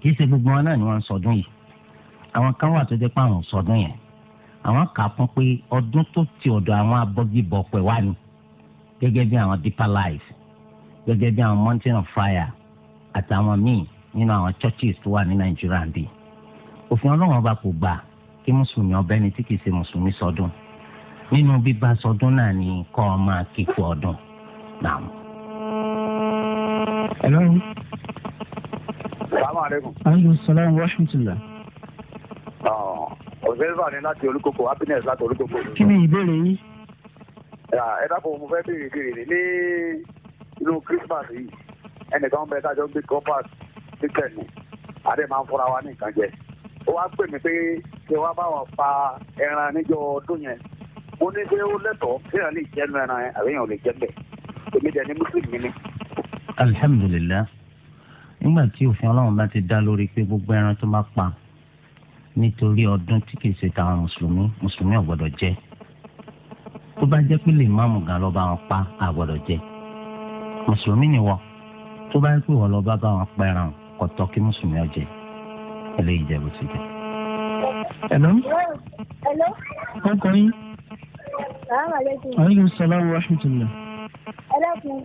kì ṣe gbogbo wọn náà ni wọ́n ń sọdún yìí àwọn kan wà tó jẹ́ pé àwọn ò sọdún yẹn àwọn kà á fún pé ọdún tó ti ọ̀dọ̀ àwọn abọ́gibọ̀pẹ̀ wá ni gẹ́gẹ́ bí àwọn deeper life gẹ́gẹ́ bí àwọn mountain of fire àtàwọn míì nínú àwọn churches tó wà ní nàìjíríà bíi òfin ọlọ́run ọba kò gbà kí mùsùlùmí ọbẹ̀ ni tí kì í ṣe mùsùlùmí sọdún nínú bíbá sọdún náà ni kọ́ ọ máa kíkú ọdún náà. hello. salaamaleykum. aleykum salaam wa rahmatulah. ọ̀sẹ̀ ìfà ni láti olúkókò happiness láti olúkókò. kí ni ìbéèrè yín. ẹ dákun mo fẹ́ béèrè ìbéèrè ní inú christmas yìí ẹnìkan bẹ tájọ gbé compass chicken ni adé máa ń fọra wa ní nǹkan jẹ ó wá pè mí pé ṣé wàá bá wọn pa ẹran níjọ ọdún yẹn mo ní pé ó lẹ́tọ̀ọ́ sí ìrànlẹ́ ìjẹnu ẹran yẹn àbí èèyàn ò lè jẹ bẹ́ẹ̀ èmi dẹ̀ ni muslim mi ni alhamdulilah nígbà tí òfin ọlọ́run bá ti dá lórí pé gbogbo ẹran tó bá pa nítorí ọdún tí kìí ṣe tàwọn mùsùlùmí mùsùlùmí ò gbọ́dọ̀ jẹ tó bá jẹ́ pé lè má mú gan lọ́ba wọn pa à gbọ́dọ̀ jẹ mùsùlùmí ni wọ́n tó bá pè wọ́n lọ́ba bá wọn pa ẹran kò kí mùsùlùmí ó jẹ eléyìí bó ti jẹ́. ẹ̀lọ́ ọkùnrin. salaamaleykum. aleykum salaam wa rahmatulah ẹlẹ́kùn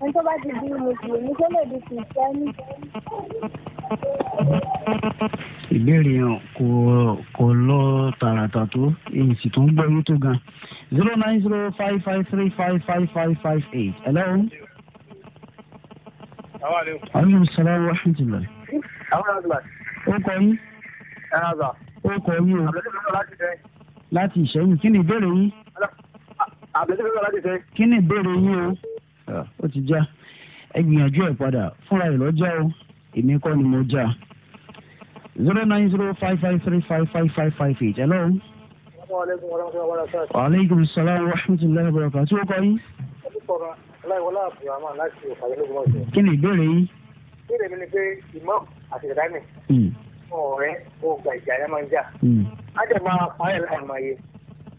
ẹni tó bá ti di mùsùlùmí tó lè di kìrìsìtẹ́nì. ìbéèrè yẹn kò kò lọ tààràtà tó èyí sì tún gbẹrú tó gan zero nine zero five five three five five five five eight hello. aleykum salaam wa rahmatulah. o kọ yín. o kọ yín o. láti ìṣẹ́yìn kí ni ìbéèrè yín àbẹ̀sẹ̀ fẹ́ láti kí ni ìbéèrè yín o ah. ó ti já ẹ gbìyànjú ẹ padà fúnra ẹ lọ́jà o èmi kọ́ ni mo já zero nine zero five five three five five five five eight hello. wa aleykum salaam wa rahmatulahi wa barakatuh tí o kọ yín. kí ni ìbéèrè yín. ìbéèrè mi ni pé ìmọ̀ àti ìdáni hmm. ọ̀rẹ́ ó gba ìjà yẹn máa ń jà. á hmm. jẹ́ máa parí ẹ̀ láì máa yẹ.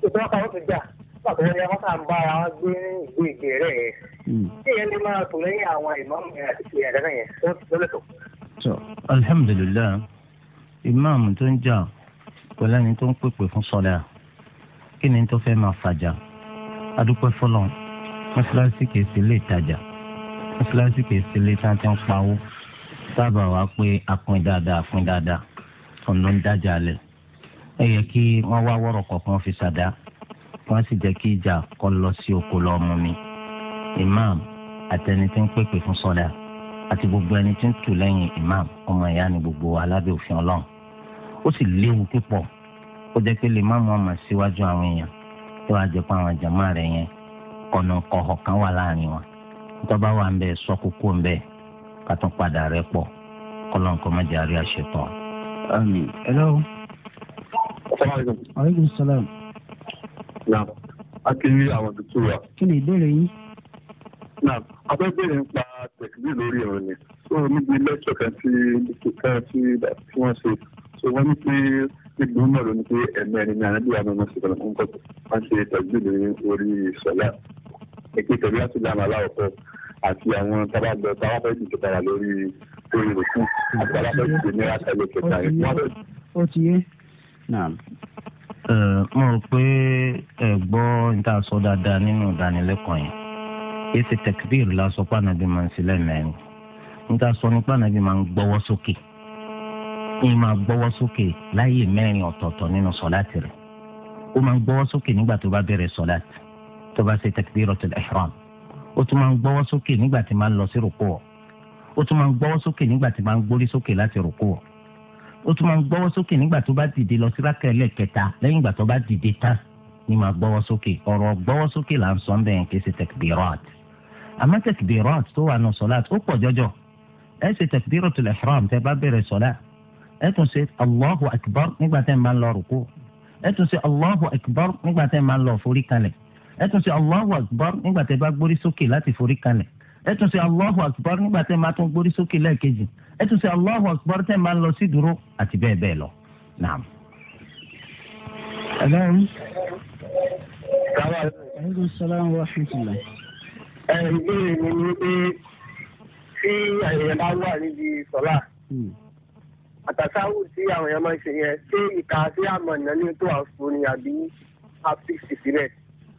ìtọ́ka ó ti jà pàtó ní wọn kà ń bá ara wọn gbé ní ìlú ìgbéré yẹn hmm. kí yẹn lè máa tò lẹ́yìn àwọn ìmáàmù yẹn àti ìyẹn dáná yẹn tó lẹ́tọ̀. sọ alhamdulilayi ìmáàmù tó ń jà pẹ̀lú ẹni tó ń pèpè fún sọ́dà kí ni tó fẹ́ máa fàjà adúpẹ́ fọlọ́ mọ́ṣáláṣí kìí ṣe lè tajà mọ́ṣáláṣí kìí ṣe lè tán tó ń pawó sábà wá pé apin dáadáa apin dáadáa ọ̀nà ń dájà lẹ̀ ẹ yẹ kí wọ́n wá wọ́rọ̀ kọ̀ọ̀kan fi ṣàdá wọ́n sì jẹ́ kí ìjà kọ́ lọ sí oko lọ́ọ́ mú mi imam àtẹni tí ń pèpè fún sọ́dà àti gbogbo ẹni tí ń tù lẹ́yìn imam ọmọ ìyá ni gbogbo alábẹ́ òfin ọlọ́run ó sì léwu púpọ̀ ó jẹ́ pé lè má mú ọmọ síwájú àwọn èèyàn tó wàá jẹ́ pé àwọn jàmá rẹ̀ yẹn ọ̀nà kọ̀ọ̀họ̀ kan wà láàrin wọn tọ́ba wà ń bẹ sọ kókó ń bẹ ká tún padà rẹ pọ̀ kọ́lọ́nkọ́ mọ́jà rí àṣetọ́. àmín. ẹ lọ́wọ́. aleykum salaam. Islam akéwì àwọn tuntun wa. kí ni ìbéèrè yín. Naam, afẹ́fẹ́ yẹn pa tẹ̀kílì lórí ọ̀rọ̀ ni. So níbi lẹ́tọ̀ kan tí kíkà tí wọ́n ṣe. So wọ́n ní pé níbi mọ̀ ló ní pé ẹ̀mí ẹni ní anábì àmọ́ wọn ṣe kọ̀ọ̀kan kọ̀ wọ́n ṣe tẹ̀kílì ní orí sọ̀lá. Èké tẹ̀lé láti dáhùn aláwọ̀kọ́ àti àwọn tábàgbọ́ táwọn fẹ́ dìde padà lórí orí rẹ̀ kú àti táwọn fẹ́ Eh, mo rò pé ẹ gbọ́ níta sọ dáadáa nínú ìdánilẹ́kọ̀ọ́ yẹn kì í ṣe tẹkbíìrì lásán pànàbí máa ń sílẹ̀ mẹ́rin níta sọ ní pànàbí máa ń gbọ́wọ́ sókè ní máa gbọ́wọ́ sókè láyè mẹ́rin ọ̀tọ̀ọ̀tọ̀ nínú sọ̀láàtì rẹ̀ ó máa ń gbọ́wọ́ sókè nígbà tó bá bẹ̀rẹ̀ sọ̀láàtì tó bá ṣe takbiratul ihram ó tún máa ń gbọ́wọ́ sókè nígbà tí máa ń lọ sí rúkú ó tún máa ń gbọ́wọ́ sókè nígbà tí máa ń gbórí sókè láti rúkú ó tún máa ń gbọ́wọ́ sókè nígbà tó bá dìde lọ sí rákà ẹlẹ́ẹ̀kẹta lẹ́yìn ìgbà tó bá dìde tán ni máa gbọ́wọ́ sókè ọ̀rọ̀ gbọ́wọ́ sókè là ń sọ ń bẹ̀yẹn kì í ṣe tẹ̀kbìrọ́t àmọ́ tẹ̀kbìrọ́t tó wà nù sọ́lá ó pọ̀ jọjọ ẹ ṣe takbiratul ihram tẹ́ bá bẹ̀rẹ̀ sọ́lá ẹ tún ṣe allahu akbar nígbà tẹ́ ń bá ń lọ rùkú ẹ tún ṣe allahu akbar nígbà tẹ́ ń bá ń lọ forí kalẹ̀ ẹ tún ṣe allahu akbar nígbà tẹ́ bá gbórí sókè láti forí kalẹ̀ ẹ tún ṣe allahu akbar nígbà tẹ́ máa tún gbórí sókè lẹ́ẹ̀kejì ẹ tún ṣe allahu akbar tẹ́ máa ń lọ sí dúró àti bẹ́ẹ̀ bẹ́ẹ̀ lọ. naam. ẹlẹ́rìí. aleykum salaam wa rahmatulah. ẹ ìbéèrè mi ni pé tí àyẹ̀yẹ̀ bá wà níbi sọ́lá hmm. àtàsáwù tí àwọn èèyàn máa ń ṣe yẹn ṣé ìka sí àmọ̀ ìná ní tó àfún ni àbí àfíìsì sílẹ̀.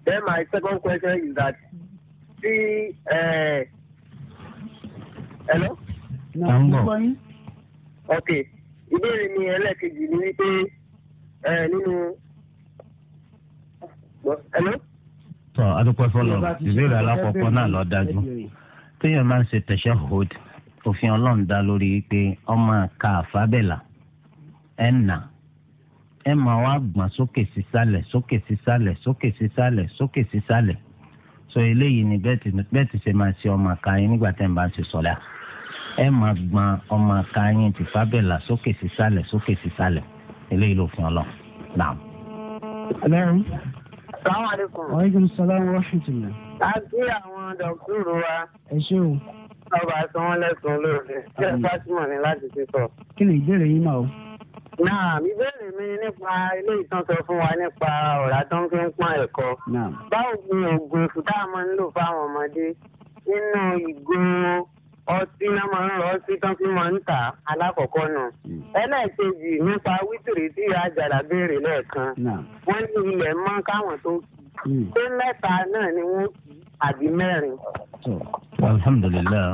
then my second question is that tí hello. à ń bọ̀. ok ìbéèrè mi ẹlẹ́ẹ̀kejì ni wípé ẹ nínú. hello. tọ́ adúpẹ́ fọlọ́ ìbéèrè alákọ̀ọ́kọ́ náà ló dájú téèyàn máa ń ṣe tashahhud òfin ọlọ́run dá lórí pé ọmọ ká àfábẹ́là ẹ̀ nà ẹ máa wá gbọ̀n sókè sísàlẹ̀ sókè sísàlẹ̀ sókè sísàlẹ̀ sókè sísàlẹ̀ so eléyìí ni bẹ́ẹ̀ ti ṣe máa ṣe ọmọ ká yín nígbà tẹ́ ń bá ń ṣe sọ́lá ẹ máa gbọn ọmọ akáyín ti fábẹ́là sókè sísàlẹ̀ sókè sísàlẹ̀ eléyìí ló fi ọlọ náà. ẹlẹ́rìí. salaamaleykum. aleykum salaam wa rahmatulah. a gbé àwọn dọ̀kúrò wa. ẹ ṣé o. ọba àti wọn lẹsùn olóòfẹ kí ẹ fásitì ní láti ti sọ. kí ni ìbéèrè yín máa o. náà ìbéèrè mi nípa ilé ìtàn sọ fún wa nípa ọ̀rá tó ń fi ń pọ́n ẹ̀kọ́. báwo ni oògùn ìfúdàmọ́ ń lò fáwọn ọmọdé nínú ìgò ọtí náà máa ń lọ sí tán fi máa ń tà alákọ̀ọ́kọ́ nù. Hmm. ẹlẹ́ẹ̀kejì nípa wítìrì tí àjàlá béèrè lẹ́ẹ̀kan wọ́n ní ilẹ̀ mọ́ káwọn tó pé hmm. mẹ́ta náà ni wọ́n àbí mẹ́rin. alhamdulilayi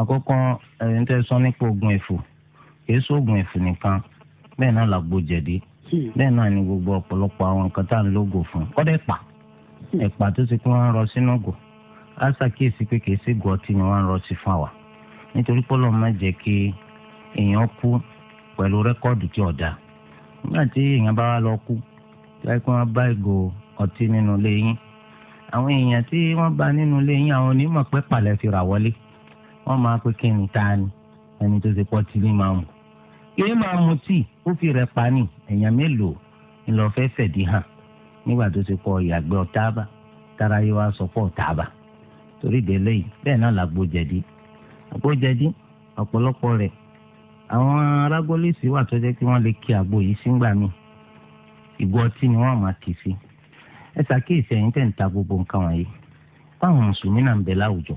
àkọ́kọ́ ẹni tẹ́ sọ nípa oògùn ẹ̀fù kìí sóògùn ẹ̀fù nìkan bẹ́ẹ̀ náà làgbo jẹ̀dí hmm. bẹ́ẹ̀ náà ni gbogbo ọ̀pọ̀lọpọ̀ àwọn nǹkan tá à ń lógo fún kọ́dẹ̀ ẹ̀pà ẹ̀pà tó ti kí wọ́n ń rọ sínú ògò á ṣàkíyèsí pé kìí sí gọ̀ọ́ tí wọ́n ń rọ sí fún wa nítorí pọ́lọ́ máa jẹ́ kí èèyàn kú pẹ̀lú rẹ́kọ́ọ̀dù tí ọ̀dà nígbà tí èèyàn bá wá lọ kú láì pé wọ́n bá ìgò ọtí nínú ilé yín àwọn èèyàn tí wọ́n bá nínú ilé yín àwọn onímọ̀ pé pàlẹ́ fi rà wọlé wọ́n máa pé kí ni ta ni ẹni tó ti pọ́ tí ní máa mú kí máa mu tíì ó fi rẹ̀ pa ni èèyàn mélòó ńlọ fẹ́ fẹ̀dí hàn nígbà tó ti pọ̀ ìyàgbẹ́ ọ̀táàbà tára yóò wá sọ pọ̀ ọ̀táàbà torí délé yìí bẹ́ẹ̀ náà làgbo jẹ̀dí ó jẹ̀dí ọ̀pọ̀lọpọ̀ rẹ̀ àwọn arágólísì wà tó jẹ́ kí wọ́n lè kí àgbo yìí sígbà míì ìgò ọtí ni wọ́n máa kì í sí ẹ ṣàkíyèsí ẹ̀yin tẹ̀ ń ta gbogbo nǹkan wọ̀nyí báwọn mùsùlùmí náà ń bẹ láwùjọ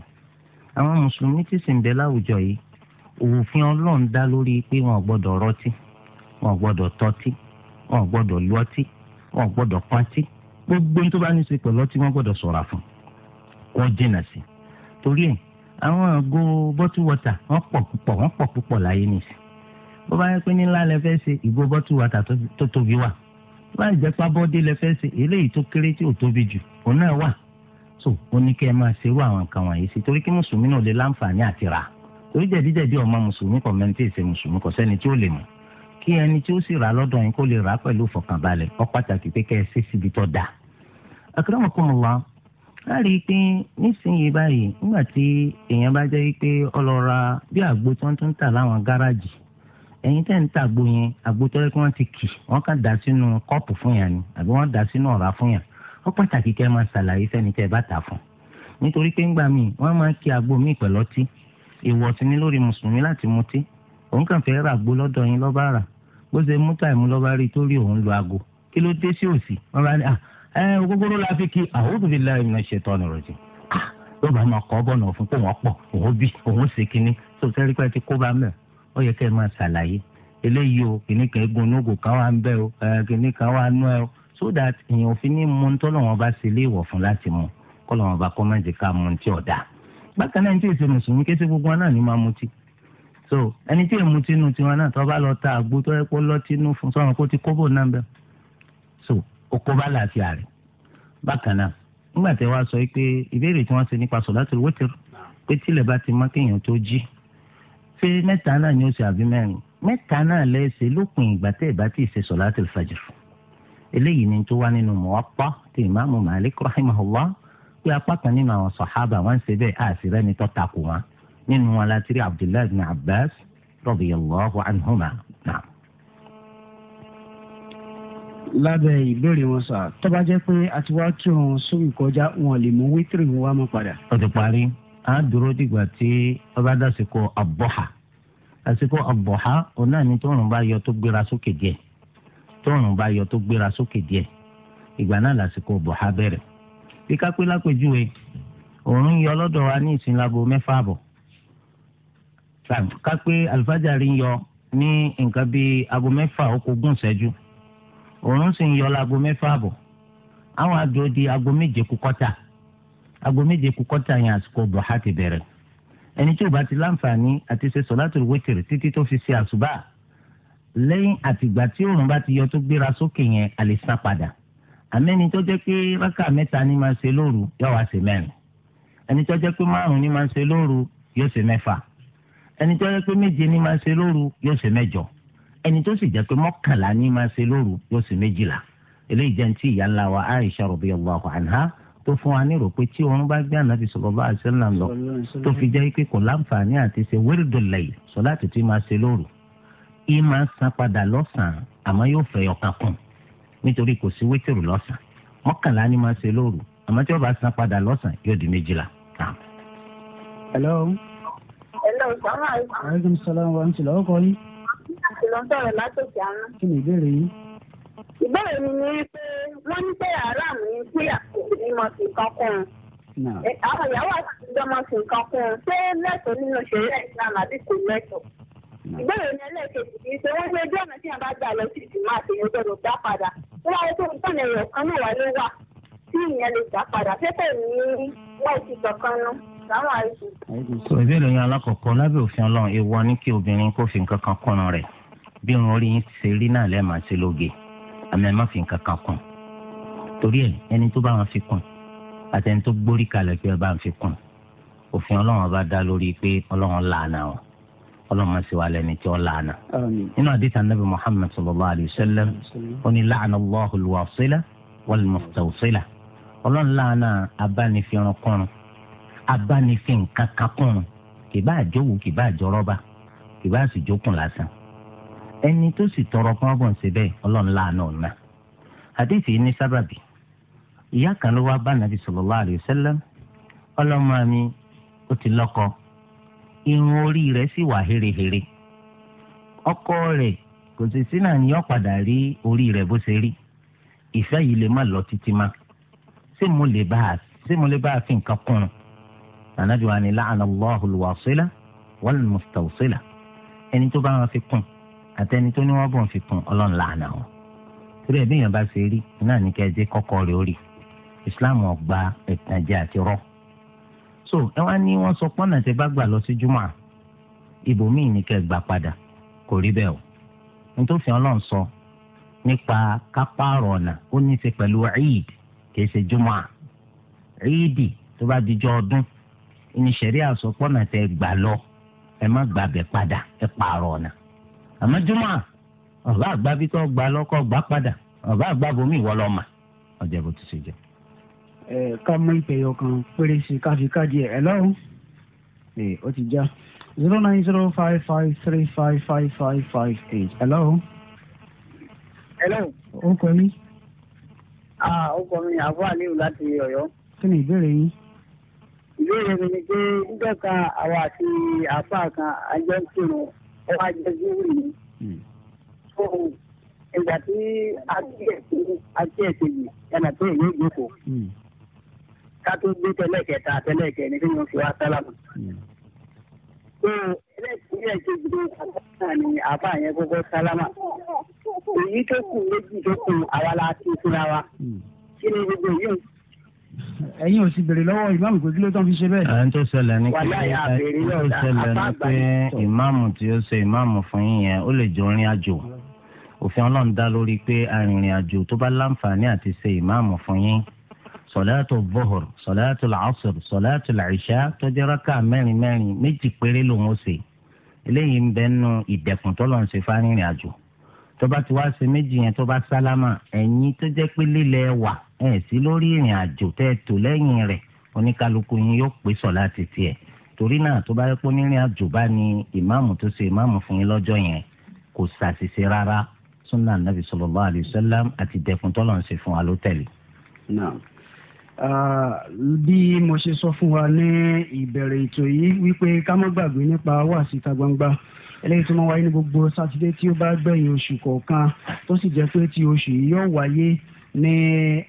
àwọn mùsùlùmí tí sì ń bẹ láwùjọ yìí òfin ọlọ́run dá lórí pé wọn ò gbọ́dọ̀ rọtí wọn gbọ́dọ̀ tọ́tí wọn gbọ́dọ̀ lọ́tí wọn gbọ́dọ̀ pátí gbogbo tó bá ní í ṣe pẹ̀lú ọtí wọn gbọ́dọ̀ ṣọ́ra fún wọn jìnnà sí torí ẹ̀ àwọn àgbo bọ́tù wọ́tà wọ́n pọ̀ púpọ̀ wọ́n pọ̀ púpọ̀ láyé nìsí bó bá yẹ pé ńlá lẹ fẹ́ ṣe ìgò bọ́tù wọ́tà tó tóbi wà tó bá jẹ́ pábọ́dé lẹ fẹ́ ṣe eléyìí tó kéré tí ò tóbi jù òun náà wà so ó ní kẹ́ ẹ máa ṣerú àwọn nǹkan wọ̀nyí sí torí kí mùsùlùmí náà lè láǹfààní àti rà torí jẹ̀díjẹ̀dí ọmọ mùsùlùmí kọ̀ mẹ́ntì ìṣe mùsùlùmí kọ̀ sẹ́ni tí ó lè mú kí ẹni tí ó sì rà lọ́dọ̀ yín kó lè rà pẹ̀lú ìfọ̀kànbalẹ̀ ó pàtàkì pé kẹ́ ẹ ṣe síbi tó dáa. àkàrà wọn kọ́ mọ̀ wá a rí i pé nísìnyí báyìí nígbà tí èèyàn bá jẹ́ pé ọlọ́ra bí àgbo tí wọ́n tún ń tà láwọn gáràjì ẹ̀yin tẹ́ ń ta àgbo yẹn àgbo tọ́lẹ́ kí wọ́n ti kì wọ́n kàn dà sínú kọ́ọ̀pù fún yàn ni àbí wọ́n dà sínú ọ̀rá fún yàn ó pàtàkì kẹ́ ẹ máa ṣàlàyé fẹ́ni tẹ́ ẹ bá tà fún nítorí pé ńgbà míì wọ́n máa ń kí àgbo míì pẹ̀lú ọtí èèwọ̀ sí ni lórí mùsùlùmí láti mutí òun kàn fẹ́ ra àgbo lọ́dọ̀ yín lọ́ba rà bó ṣe mú táìmù lọ́ba rí tó òun lo aago kí ló dé sí òsì wọ́n bá ní ẹ ogogoro la fi kí a'udhu billahi minash shaitani rajim ah, yóò bá máa kọ́ bọ̀nà fún pé wọ́n pọ̀ òun bí òun ṣe kínní tó sẹ́rí pé ti kó bá mẹ́ ọ yẹ kẹ́ ẹ máa ṣàlàyé eléyìí o kìnní kan egun onógò kan wà ń bẹ́ o kìnní kan wà nú ẹ o so that èèyàn fi ní mu tó lọ́wọ́n bá ṣe ilé ìwọ̀ fún láti mu kọ́ lọ́wọ́n bá kọ́ mẹ́jẹ ká mu tí ọ̀dà bákan náà ní tí èsè mùsùlùmí kété gbogbo wọn náà ní máa mutí so ẹni tí èmu tinú tiwọn náà tó bá lọ ta àgbo tó yẹ kó lọ tinú fún sọ́run so oko bá làáfíà rẹ̀ bákan náà nígbà tí wàá sọ pé ìbéèrè tí wọ́n ṣe nípa sọ̀láṣẹ̀ wẹ́tẹ̀rù pé tílẹ̀ bá ti mọ́ kéèyàn tó jí ṣé mẹ́ta náà ni ó ṣe àbí mẹ́rin mẹ́ta náà lẹ́sẹ̀ lópin ìgbà tẹ́ ẹ̀ bá ti ṣe sọ̀láṣẹ̀ fàjr eléyìí ni tó wá nínú Muwatta ti ìmáàmù Malik rahimahullah pé apá kan nínú àwọn sàhábà wọn ṣe bẹ́ẹ̀ àṣìrẹ́ni tó takò wọn nínú wọn láti Abdullahi bin Abbas radiyallahu anhuma lábẹ́ ìbéèrè wọn sà tó bá jẹ́ pé a ti wá kí wọn sórí kọjá wọn lè mú wítìrì wọn wá mọ́ padà. ó ti parí a dúró dìgbà tí wọ́n bá dásìkò àbọ̀hà àsìkò àbọ̀hà òun náà ni tóòrùn bá yọ tó gbéra sókè díẹ̀ tóòrùn bá yọ tó gbéra sókè díẹ̀ ìgbà náà lásìkò àbọ̀hà bẹ̀rẹ̀ bí kápẹ́ lápèjúwe òun yọ lọ́dọ̀ wa ní ìsìn láago mẹ́fà àbọ̀ kápẹ́ àlùfáàjà rí yọ ní nǹkan bíi aago mẹ́fà ó kó ṣẹ́jú òun sì ń yọ láago mẹ́fà àbọ̀ àwọn àdúró di aago méje kù kọ́tà méje kù yẹn àsìkò bọ̀há ti bẹ̀rẹ̀ ẹni tí ò bá ti láǹfààní àti ṣe títí fi ṣe àṣùbà lẹ́yìn àtìgbà tí òòrùn bá ti yọ tó gbéra sókè yẹn a san padà àmẹ́ni tó jẹ́ pé rákà mẹ́ta ni máa ṣe lóru yóò wá ṣe mẹ́rin ẹni tó sì jẹ́ pé mọ́kànlá ní máa ṣe lóru yóò sì méjìlá eléyìí jẹ́ ti ìyá ńlá wa Aisha radiyallahu anha tó fún wa nírò pé tí oorun bá gbé ànábì sallallahu alaihi wasallam lọ tó fi jẹ́ pé kò láǹfààní àti ṣe wirdul layl sọ̀láàtì tí máa ṣe lóru yìí máa san padà lọ́sàn-án àmọ́ yóò fẹ́ ọ̀kan kùn nítorí kò sí wítìrù lọ́sàn-án mọ́kànlá ni máa ṣe lóru àmọ́ tí ó bá san padà lọ́sàn yóò di méjìlá. hello. hello sàmúlò. aleykum salaam wa rahmatulah ọkọ yìí. àti lọ sọ̀rọ̀ látòkè àná. kí ni ìbéèrè yín. ìbéèrè mi ni wípé wọ́n ní pé haram ní kí ní mo fi nǹkan kún un. àwọn ìyàwó fi nǹkan kún un ṣé Islam àbí kò lẹ́tọ̀ọ́. ìbéèrè mi ẹlẹ́ẹ̀kejì wọ́n gbé ọ̀nà tí bá gbà lọ sí àti ìyẹn gbọ́dọ̀ padà. wọ́n wáyé tó ń ẹ̀rọ kan náà wà ló sọ ìbéèrè yẹn alákọ̀ọ́kọ́ lábẹ́ òfin ọlọ́run èèwọ̀ ni kí obìnrin kó fi nǹkan kan kọ́ran rẹ̀ bí irun orí yín ṣe rí náà lẹ́ẹ̀ máa ṣe lóge àmì ẹ̀ má fi nǹkan kan kùn torí ẹ̀ ẹni tó bá wọn fi kùn àti ẹni tó gbórí kalẹ̀ pé ẹ bá ń fi kùn òfin ọlọ́run ọba dá lórí pé ọlọ́run làánà wọn ọlọ́run máa ṣe wà lẹ́ni tí ó làánà. nínú àdìsá nàbì muhammed sallallahu alayhi wa sallam ó ní la'ana Allahu al-wasila wal-mustawsila làánà abánifin nǹkan kan kún un kìbá àjòwò kìbá àjọrọ́bà kìbá àsìjókùn lásán ẹni tó sì tọrọ fún ọgbọ̀n ṣe bẹ́ẹ̀ ọlọ́run láàánú ọ̀nà àdéhìí ní sábàbí ìyá kan ló wá bá nàbì sallallahu alaihi wasallam ọlọ́mọ mi ó ti lọ́kọ irun orí rẹ̀ sì wà hérehère ọkọ rẹ̀ kò sì sí náà ni yọ padà rí orí rẹ̀ bó ṣe rí ìfẹ́ yìí lè má lọ títí má ṣé mo lè bá a fi nǹkan kún un ànábì wa ni la'ana Allahu al-wasila wal-mustawsila ẹni tó bá wọn fi kún àtẹni tó ní wọn bọ̀ fi kún ọlọ́run làánà wọn torí ẹbí yẹn bá ṣe rí náà ní kẹ́ ẹ jẹ́ kọ́kọ́ rẹ̀ ó rí ìsìláàmù ọgbà ẹ̀tànjẹ àti rọ́ so ẹ wá ní wọn sọ pọ́nà tẹ bá gbà lọ sí júmọ́ ibòmíì ní kẹ́ gbà padà kò rí bẹ́ẹ̀ o nítòsí ọlọ́run sọ nípa kápárọ̀ ọ̀nà ó ní í ṣe pẹ̀lú eid kì í ṣe júmọ́ eid tó bá dijọ́ ọdún ìníṣẹ̀rí àsopọ̀nà tẹ gbà lọ ẹ má gbàbẹ̀ padà ẹ pààrọ̀ ọ̀nà àmọ́ jùmọ̀ ọ̀gá àgbà bí kò gbà lọ́kọ̀ gbà padà ọ̀gá àgbà bomi ìwọ lọ mà ọjọ́ bó ti ṣe jẹ. ẹ ká mú ìpèyọ kan péré sí i káàdì ẹ lọ́rùn ẹ ó ti já zero nine zero five five three five five five five eight hello lọ́rùn. ẹ lọ́rùn. ó kọ mí. ó kọ mí àbúrò àlẹ́ òun láti ọ̀yọ́. kí ni ìbéèrè yín ìbéèrè mi ni pé níjọ́ kan àwọn àti àfa kan àjọ ń kírun ọwọ́ àjọ zúwì ni. ìgbà tí akíyèsí yìí ẹnà tó èyí ìjókòó hmm. ká tó gbé tẹlẹ́kẹta tẹlẹ́kẹ ní fíwọn fi wá sálámù. Hmm. tó ẹlẹ́kùnrin ẹ̀kejì ní àbáyà ni àbáyà gbogbo sálámà. èyí tó kù méjì tó kù àwa la ti fúnra wa. Hmm. kí ni gbogbo yìí ẹ̀yin ò sì béèrè lọ́wọ́ ìmáàmù pé kí ló tán fi ṣe bẹ́ẹ̀. à ń tó ṣẹlẹ̀ ní pé ó ṣẹlẹ̀ ní pé ìmáàmù tí ó ṣe ìmáàmù fún yín yẹn ó lè jọ rìn àjò òfin ọlọ́run dá lórí pé arìnrìn àjò tó bá láǹfààní àti ṣe ìmáàmù fún yín sọ̀láàtò bọ́hùr sọ̀láàtò làásùr sọ̀láàtò làìṣá tó jẹ́ rákà mẹ́rin mẹ́rin méjì péré lòún ó ṣe eléyìí ń bẹ́ẹ̀ nù ìdẹ̀kùn tọ́lọ́run ṣe fárìnrìn àjò tó bá ti wá ṣe méjì yẹn tó bá sálámà ẹ̀yin tó jẹ́ pé lílẹ̀ wà ẹ̀ sí lórí ìrìn àjò tẹ́ ẹ tò lẹ́yìn rẹ̀ oníkálukú yín yóò pè sọ láti tiẹ̀ torí náà tó bá yẹ pé onírìn àjò bá ní ìmáàmù tó ṣe ìmáàmù fún yín lọ́jọ́ yẹn kò ṣàṣìṣe rárá sunna nabi sallallahu alayhi sallam àti dẹkùn tọ́lọ̀ ń ṣe fún wa ló bí mo ṣe sọ fún wa ní ìbẹ̀rẹ̀ ètò yìí wípé ká má gbàgbé nípa wàásù ìta gbangba eléyìí tó máa wáyé ní gbogbo sátidé tí ó bá gbẹ̀yìn oṣù kọ̀ọ̀kan tó sì jẹ́ pé ti oṣù yìí yóò wáyé ní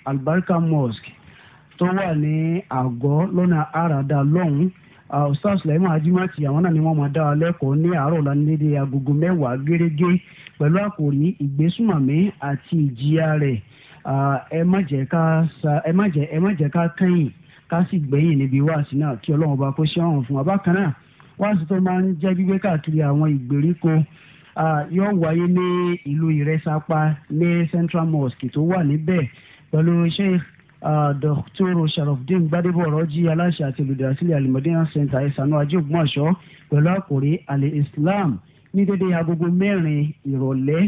albarka mosque tó wà ní àgọ́ lọ́nà àràdà lọ́hùn ustaz sulaiman ajimati àwọn náà ni wọ́n máa dá wa lẹ́kọ̀ọ́ ní àárọ̀ lánàá agogo mẹ́wàá gẹ́gẹ́ pẹ̀lú àkòrí ìgbésùmọ̀mí àti ìjìyà rẹ̀ ẹ má jẹ́ ká kẹ́yìn ká sì gbẹ̀yìn níbi wáàsí náà kí ọlọ́run ọba kó ṣe fún wa bákan náà wáàsí tó máa ń jẹ́ gbígbé káàkiri àwọn ìgbèríko yóò wáyé ní ìlú ìrẹsàpá ní central mosque tó wà níbẹ̀ pẹ̀lú sheikh dr sharafdin gbadebo ọrọjì aláṣẹ àti olùdásílẹ̀ alimọdéyàn center ìsànú ajé ògbómọ̀ṣọ́ pẹ̀lú àkòrí alẹ islam ní dédé agogo mẹ́rin ìrọ̀lẹ́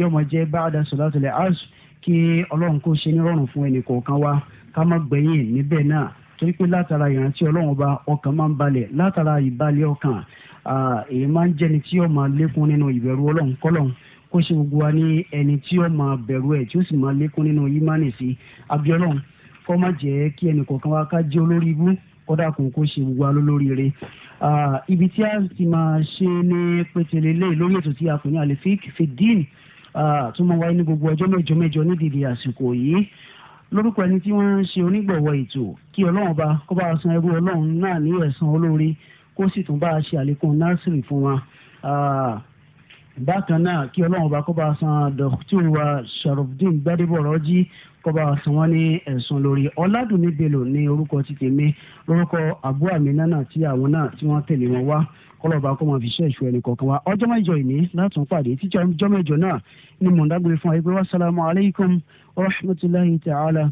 yọmọjẹ báadà sọlátulẹ asu kí Ọlọ́run kó ṣe nírọ̀rùn fún ẹnì kọ̀ọ̀kan wa ká má gbẹ̀yìn níbẹ̀ náà torí pé látara ìrántí ọlọ́run ọba ọkàn máa ń balẹ̀ látara ìbalẹ̀ ọkàn èyí máa ń jẹ́ni tí ó máa lékún nínú ìbẹ̀rù ọlọ́run kọ́lọ́run kó ṣe gbogbo wa ní ẹni tí ó máa bẹ̀rù ẹ̀ tí ó sì máa lékún nínú ìmánì sí abiọ́lọ́run kó má jẹ́ kí ẹnì kọ̀ọ̀kan wa ká jẹ́ olórí ibú kódà kò kó ṣe gbogbo wa lólóríire ibi tí a ti máa ṣe ní pétélé lé lórí ètò tí a kò ní àlefik fìdín tó máa wáyé ní gbogbo ọjọ́ mẹ́jọ mẹ́jọ nídìí àsìkò yìí lórúkọ ẹni tí wọ́n ń ṣe onígbọ̀wọ́ ètò kí ọlọ́run bá kó bá san ẹrú ọlọ́run náà ní ẹ̀san olóore kó sì tún bá a ṣe àlékún násìrì fún wa ah, bákan náà kí ọlọ́run bá kó bá san dọ̀tún wa sharafdin gbadebo rọ́jí kó bá san wọ́n ní ẹ̀san lórí ọ̀làdùnmí bello ní orúkọ ti tèmi lórúkọ àbúrò àmì náà tí àwọn náà tí wọ́n tẹ̀lé wọn wá kọlọba kó máa fi ṣe ìṣù ẹnì kọ̀ọ̀kan wa ọjọ́ mẹ́jọ ìní látún pàdé títí ọjọ́ mẹ́jọ náà ni mọ̀ndágbére fún wa yìí pé wàsálàmù alaykum wa rahmatulahi ta'ala.